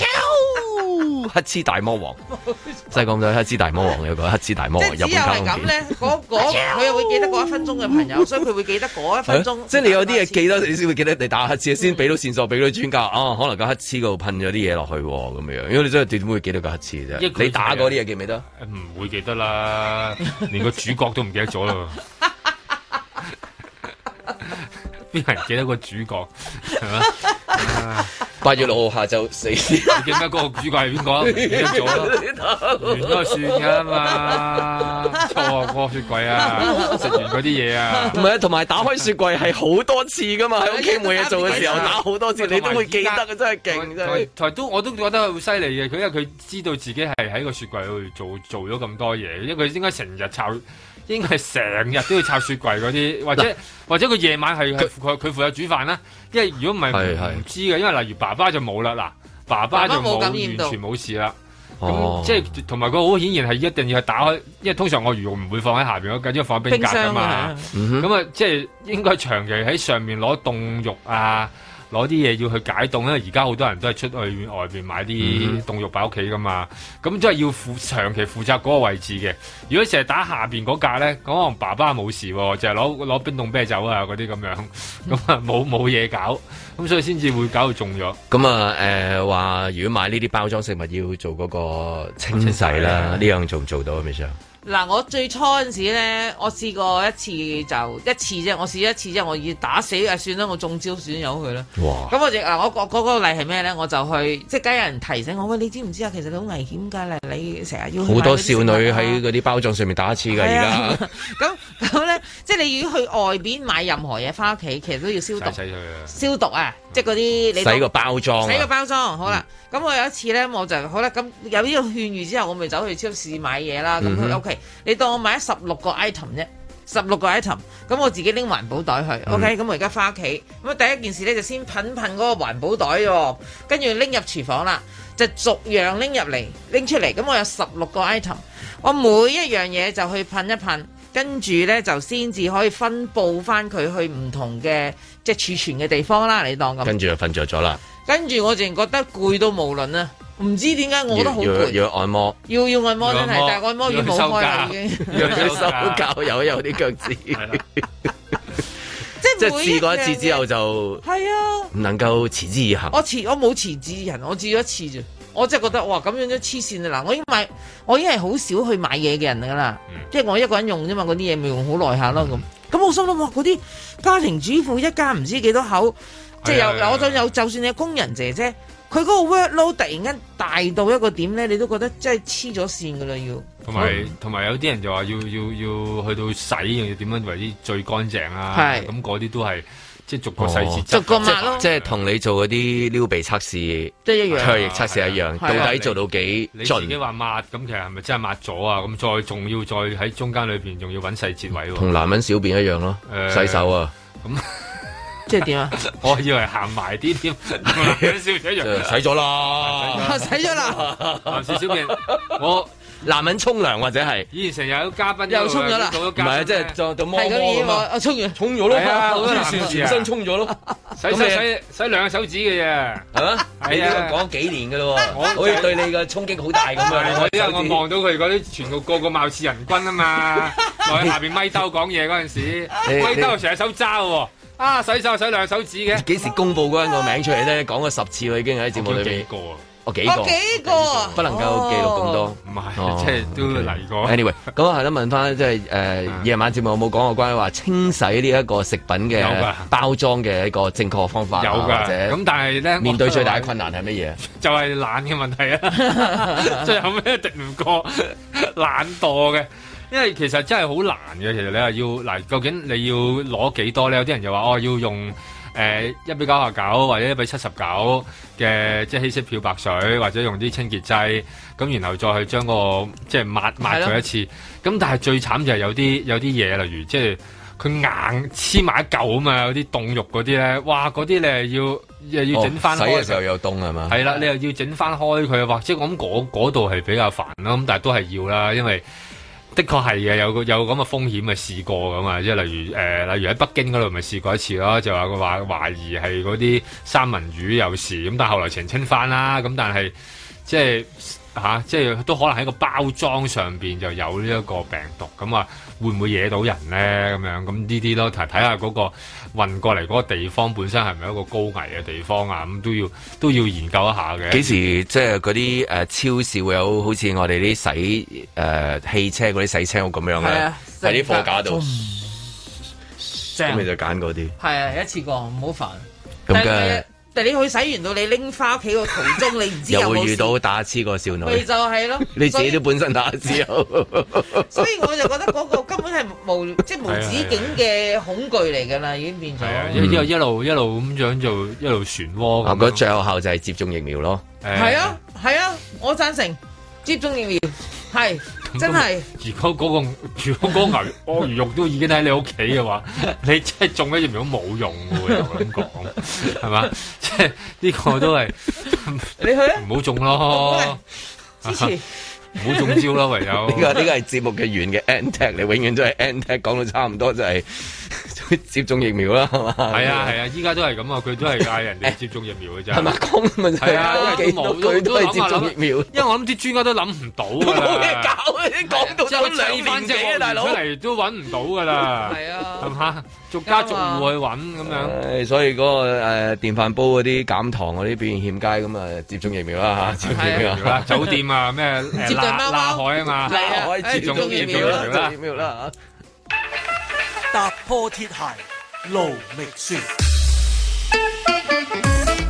A: 黑黐大魔王，真係講咗黑黐大魔王有一個黑黐大魔王入邊。即係咁咧，嗰、嗰個佢、嗰個啊、啥
C: 又會記得嗰一分鐘嘅朋友，所以佢會記得嗰一分鐘、
A: 啊。即係你有啲嘢記得，你先會記得你打黑黐先俾到線索俾、嗯、到專家啊，可能個黑黐嗰度噴咗啲嘢落去咁樣樣。如果你真係點會記得個黑黐啫？個你打嗰啲嘢記唔記得？唔、啊、會記
B: 得啦，
A: 連個主角都唔記得咗啦。
B: 邊人記得個主
C: 角係嘛？八月
B: 六號下晝四點，記得嗰個主角係邊個？唔記得咗就算噶嘛。
A: 撬過雪櫃啊，食完嗰啲嘢啊，唔係同埋打開雪櫃係好多次噶嘛。喺屋企冇嘢做嘅時候打好多次，你都會記得啊，真係勁
B: 真係。同都我都覺得好犀利嘅，佢因為佢知道自己係喺個雪櫃度做做咗咁多嘢，因為佢應該成日撬。應該係成日都要拆雪櫃嗰啲， 或者 或者佢夜晚係係佢佢負責煮飯啦。因為如果唔係唔知嘅，因為例如爸爸就冇啦，嗱爸爸就冇完全冇事啦。咁、哦、即係同埋佢好顯然係一定要係打開，因為通常我魚肉唔會放喺下邊嗰，緊張放喺冰格㗎嘛。咁啊，嗯、哼 即係應該長期喺上面攞凍肉啊。攞啲嘢要去解凍咧，而家好多人都係出去外邊買啲凍肉擺屋企噶嘛，咁即係要負長期負責嗰個位置嘅。如果成日打下邊嗰架咧，可能爸爸冇事喎，就係攞攞冰凍啤酒啊嗰啲咁樣，咁啊冇冇嘢搞，咁所以先至會搞到中咗。咁啊誒
A: 話，呃、如果買呢啲包裝食物要做嗰個清洗啦，呢、啊、樣做唔做到啊？Michelle？
C: 嗱，我最初嗰陣時咧，我試過一次就一次啫，我試一次之後，我要打死誒、啊、算啦，我中招損友佢啦。哇！咁我就嗱，我嗰、嗰個例係咩咧？我就去即係梗有人提醒我喂，你知唔知啊？其實好危險㗎，你你成日要好、啊、多少女喺
A: 嗰啲包裝上面打刺㗎，而家
C: 咁咁咧，即係你要去外邊買任何嘢翻屋企，其實都要消毒。 消毒啊！即係嗰啲你洗個包裝、啊。洗個包裝，好啦。咁、嗯、我有一次咧，我就好啦。咁有呢個勸喻之後，我咪走去超市買嘢啦。咁佢屋企。你當我買咗十六個 item 啫，十六個 item，咁我自己拎環保袋去、嗯、，OK，咁我而家翻屋企，咁第一件事咧就先噴噴嗰個環保袋、哦，跟住拎入廚房啦，就逐樣拎入嚟、拎出嚟，咁我有十六個 item，我每一樣嘢就去噴一噴，跟住咧就先至可以分布翻佢去唔同嘅，即係儲存嘅地方啦，你當咁。跟
A: 住就瞓着咗啦，
C: 跟住我淨覺得攰到無倫啊。唔知點解，我都好攰，要要按摩，要要按摩真係，但係按摩院冇開啦，已經。要唔要收
A: 有有啲腳趾。即係每次過一次之後就係
F: 啊，
A: 唔能夠持之以恆。我
C: 持我冇持之人，我止咗一次啫。我真係覺得哇，咁樣都黐線噶啦，我已經買，我已經係好少去買嘢嘅人噶啦。即係我一個人用啫嘛，嗰啲嘢咪用好耐下咯咁。咁我心諗哇，嗰啲家庭主婦一家唔知幾多口，即係又我想有，就算你工人姐姐。佢嗰個 work load 突然間大到一個點咧，你都覺得真係黐咗線噶啦，要
F: 同埋
B: 同埋有啲人就話要要要去到洗，要點樣為之最乾淨啊？係咁嗰啲都係即係逐個細節、哦，逐個抹咯即係
A: 同你做嗰啲撩鼻測試，即係一樣，尿液測試一樣，啊啊啊、到底做
B: 到幾盡你，你自己話抹咁，其實係咪真係抹咗啊？咁再仲要再喺中間裏邊仲要揾細節位喎，同、嗯、男人小便一樣咯、啊，嗯、洗手啊咁。嗯嗯嗯即係點啊？我以為行埋啲添，男士小便
A: 洗咗啦，
C: 洗咗啦。
B: 小
A: 我男人沖涼或者係，以前成日有嘉賓，又沖咗啦，唔係即係就就摸摸。係咁，我我
C: 沖完沖咗咯，我先全身沖咗咯，洗洗
B: 洗兩個手指嘅啫，係嘛？你呢個講幾年噶啦？我好似對你嘅衝擊好大咁樣！我望到佢嗰啲全部個個貌似人均啊嘛，我喺下邊咪兜講嘢嗰陣時，咪兜成日手揸
A: 喎。啊！洗手洗兩手指嘅，幾時公佈過一個名出嚟咧？講過十次啦，已經喺節目裏邊。幾個啊？我幾個？我幾個？不能夠記錄咁多。
B: 唔係，即係
A: 都嚟過。Anyway，咁啊係啦，問翻即係誒夜晚節目有冇講過關於話清洗呢一個食品嘅包裝嘅一個正確方法？有㗎。或者咁，但係咧，面對最大嘅困難係乜嘢？
B: 就係懶嘅問題啊！最後咩敵唔過懶惰嘅。因為其實真係好難嘅，其實你話要嗱，究竟你要攞幾多咧？有啲人就話哦，要用誒一比九十九或者一比七十九嘅即係稀釋漂白水，或者用啲清潔劑，咁然後再去將個即係抹抹佢一次。咁的但係最慘就係有啲有啲嘢，例如即係佢硬黐埋一嚿啊嘛，有啲凍肉嗰啲咧，哇，嗰啲你係要又、哦、要整翻洗嘅時候
A: 又凍，係嘛？係啦，
B: 你又要整翻開佢，或者咁嗰度係比較煩啦。咁但係都係要啦，因為。的確係嘅，有個有咁嘅風險嘅試過咁啊，即係例如誒、呃，例如喺北京嗰度咪試過一次咯，就話佢話懷疑係嗰啲三文魚有事，咁但係後來澄清返啦，咁但係即係嚇，即係、啊、都可能喺個包裝上面就有呢一個病毒咁啊。會唔會惹到人咧？咁樣咁呢啲咯，睇下嗰個運過嚟嗰個地方本身係咪一個高危嘅地方啊？咁都要都要研究一下嘅。幾
A: 時即係嗰啲誒超市會有好似我哋啲洗誒、呃、汽車嗰啲洗車屋咁樣嘅，喺啲貨架度，
C: 咁
B: 你就
A: 揀嗰啲。
C: 係、啊、一次過，唔好煩。
A: 咁嘅是。是
C: 但你去洗完到你拎翻屋企個途中，你唔知有冇 又會遇到
A: 打黐個少女。咪就
C: 係咯。你自己都
A: 本身打黐。 所以
B: 我
C: 就覺得嗰個根本係無即無止境嘅恐懼嚟㗎啦，已經變咗。因
B: 為一路一路咁樣就一路漩渦。我覺得最有效就係接種疫苗咯。係啊
C: 係啊，我贊成接種疫苗係。
B: 真係、那個，如果嗰個如果牛屙魚，魚肉都已經喺你屋企嘅話，你即係種乜嘢苗冇用嘅喎，咁講係嘛？即係呢個都係
A: 你去唔好種咯。中 支持，
B: 唔好中招啦，唯有呢個呢個
A: 係節目嘅完嘅 end 你永遠都係 end 講到差唔多就係、是。接種疫苗啦，係嘛？係啊，係啊，
B: 依家都係咁啊，佢都係嗌人哋接種疫苗嘅咋。係咪公啊嘛？係啊，都冇，佢都係接種疫苗。因為我諗啲專家都諗唔到啊。都冇嘢搞，
C: 講到咗兩年啫，大佬嚟
B: 都揾唔到噶啦。係啊，係嘛，逐家逐戶去揾咁
A: 樣。所以嗰個誒電飯煲嗰啲減糖嗰啲表現欠佳，咁啊接種疫苗啦吓，酒店啊，酒店啊咩？拉拉海啊嘛，拉海接種疫苗啦，接種疫苗啦。踏破鐵鞋
G: 路未雪。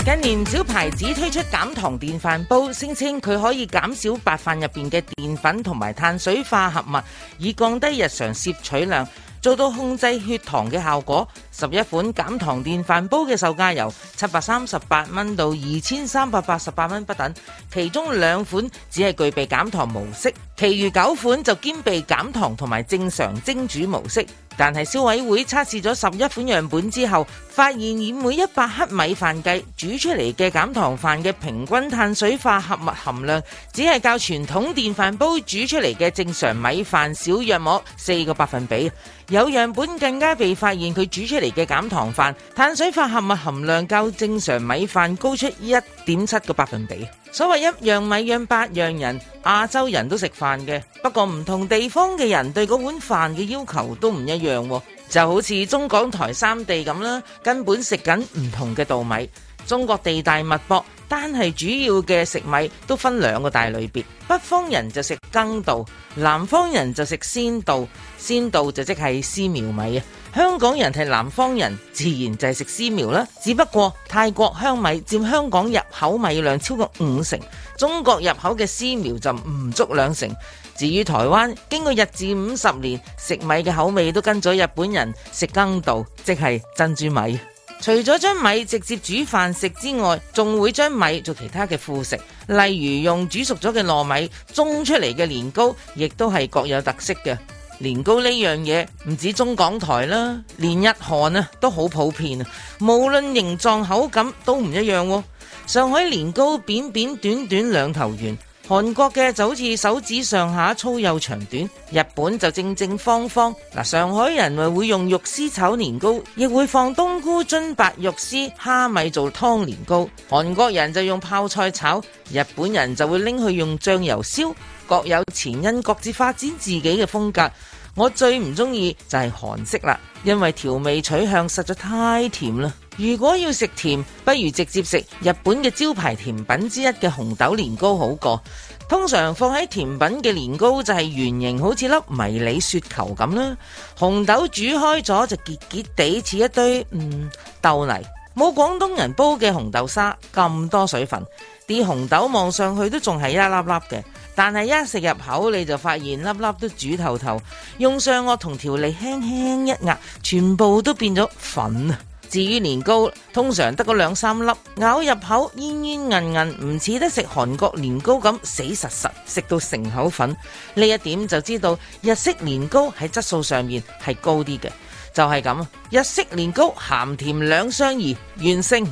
C: 近年，小牌子推出減糖電飯煲，聲稱佢可以減少白飯入面嘅澱粉同埋碳水化合物，以降低日常攝取量，做到控制血糖嘅效果。十一款減糖電飯煲嘅售價由七百三十八蚊到二千三百八十八蚊不等，其中兩款只係具備減糖模式，其餘九款就兼備減糖同埋正常蒸煮模式。但係消委會測試咗十一款樣本之後，發現以每一百克米飯計，煮出嚟嘅減糖飯嘅平均碳水化合物含量，只係較傳統電飯煲煮出嚟嘅正常米飯少約莫四個百分比。有樣本更加被發現，佢煮出嚟嘅減糖飯碳水化合物含量較正常米飯高出一點七個百分比。所謂一樣米養百樣人，亞洲人都食飯嘅，不過唔同地方嘅人對嗰碗飯嘅要求都唔一樣喎。就好似中港台三地咁啦，根本食緊唔同嘅稻米。中國地大物博，單係主要嘅食米都分兩個大類別，北方人就食。粳稻，南方人就食秈稻，秈稻就即係絲苗米啊！香港人係南方人，自然就係食絲苗啦。只不過泰國香米佔香港入口米量超過五成，中國入口嘅絲苗就唔足兩成。至於台灣，經過日治五十年，食米嘅口味都跟咗日本人食粳稻，即係珍珠米。除咗將米直接煮飯食之外，仲會將米做其他嘅副食，例如用煮熟咗嘅糯米舂出嚟嘅年糕，亦都係各有特色嘅。年糕呢樣嘢唔止中港台啦，連日韓啊都好普遍啊，無論形狀口感都唔一樣。上海年糕扁扁短短兩頭圓。韓國嘅就好似手指上下粗幼長短，日本就正正方方。嗱，上海人咪會用肉絲炒年糕，亦會放冬菇、津白肉絲、蝦米做湯年糕。韓國人就用泡菜炒，日本人就會拎去用醬油燒，各有前因，各自發展自己嘅風格。我最唔中意就係韓式啦，因為調味取向實在太甜啦。如果要食甜，不如直接食日本嘅招牌甜品之一嘅紅豆年糕好過。通常放喺甜品嘅年糕就係圓形，好似粒迷你雪球咁啦。紅豆煮開咗就結結地似一堆嗯豆泥，冇廣東人煲嘅紅豆沙咁多水分。啲紅豆望上去都仲係一粒粒嘅，但係一食入口你就發現粒粒都煮透透，用上顎同條脷輕輕一壓，全部都變咗粉啊！至於年糕，通常得個兩三粒，咬入口煙煙韌韌，唔似得食韓國年糕咁死實實，食到成口粉。呢一點就知道日式年糕喺質素上面係高啲嘅，就係咁啊！日式年
D: 糕鹹甜兩相宜，完勝。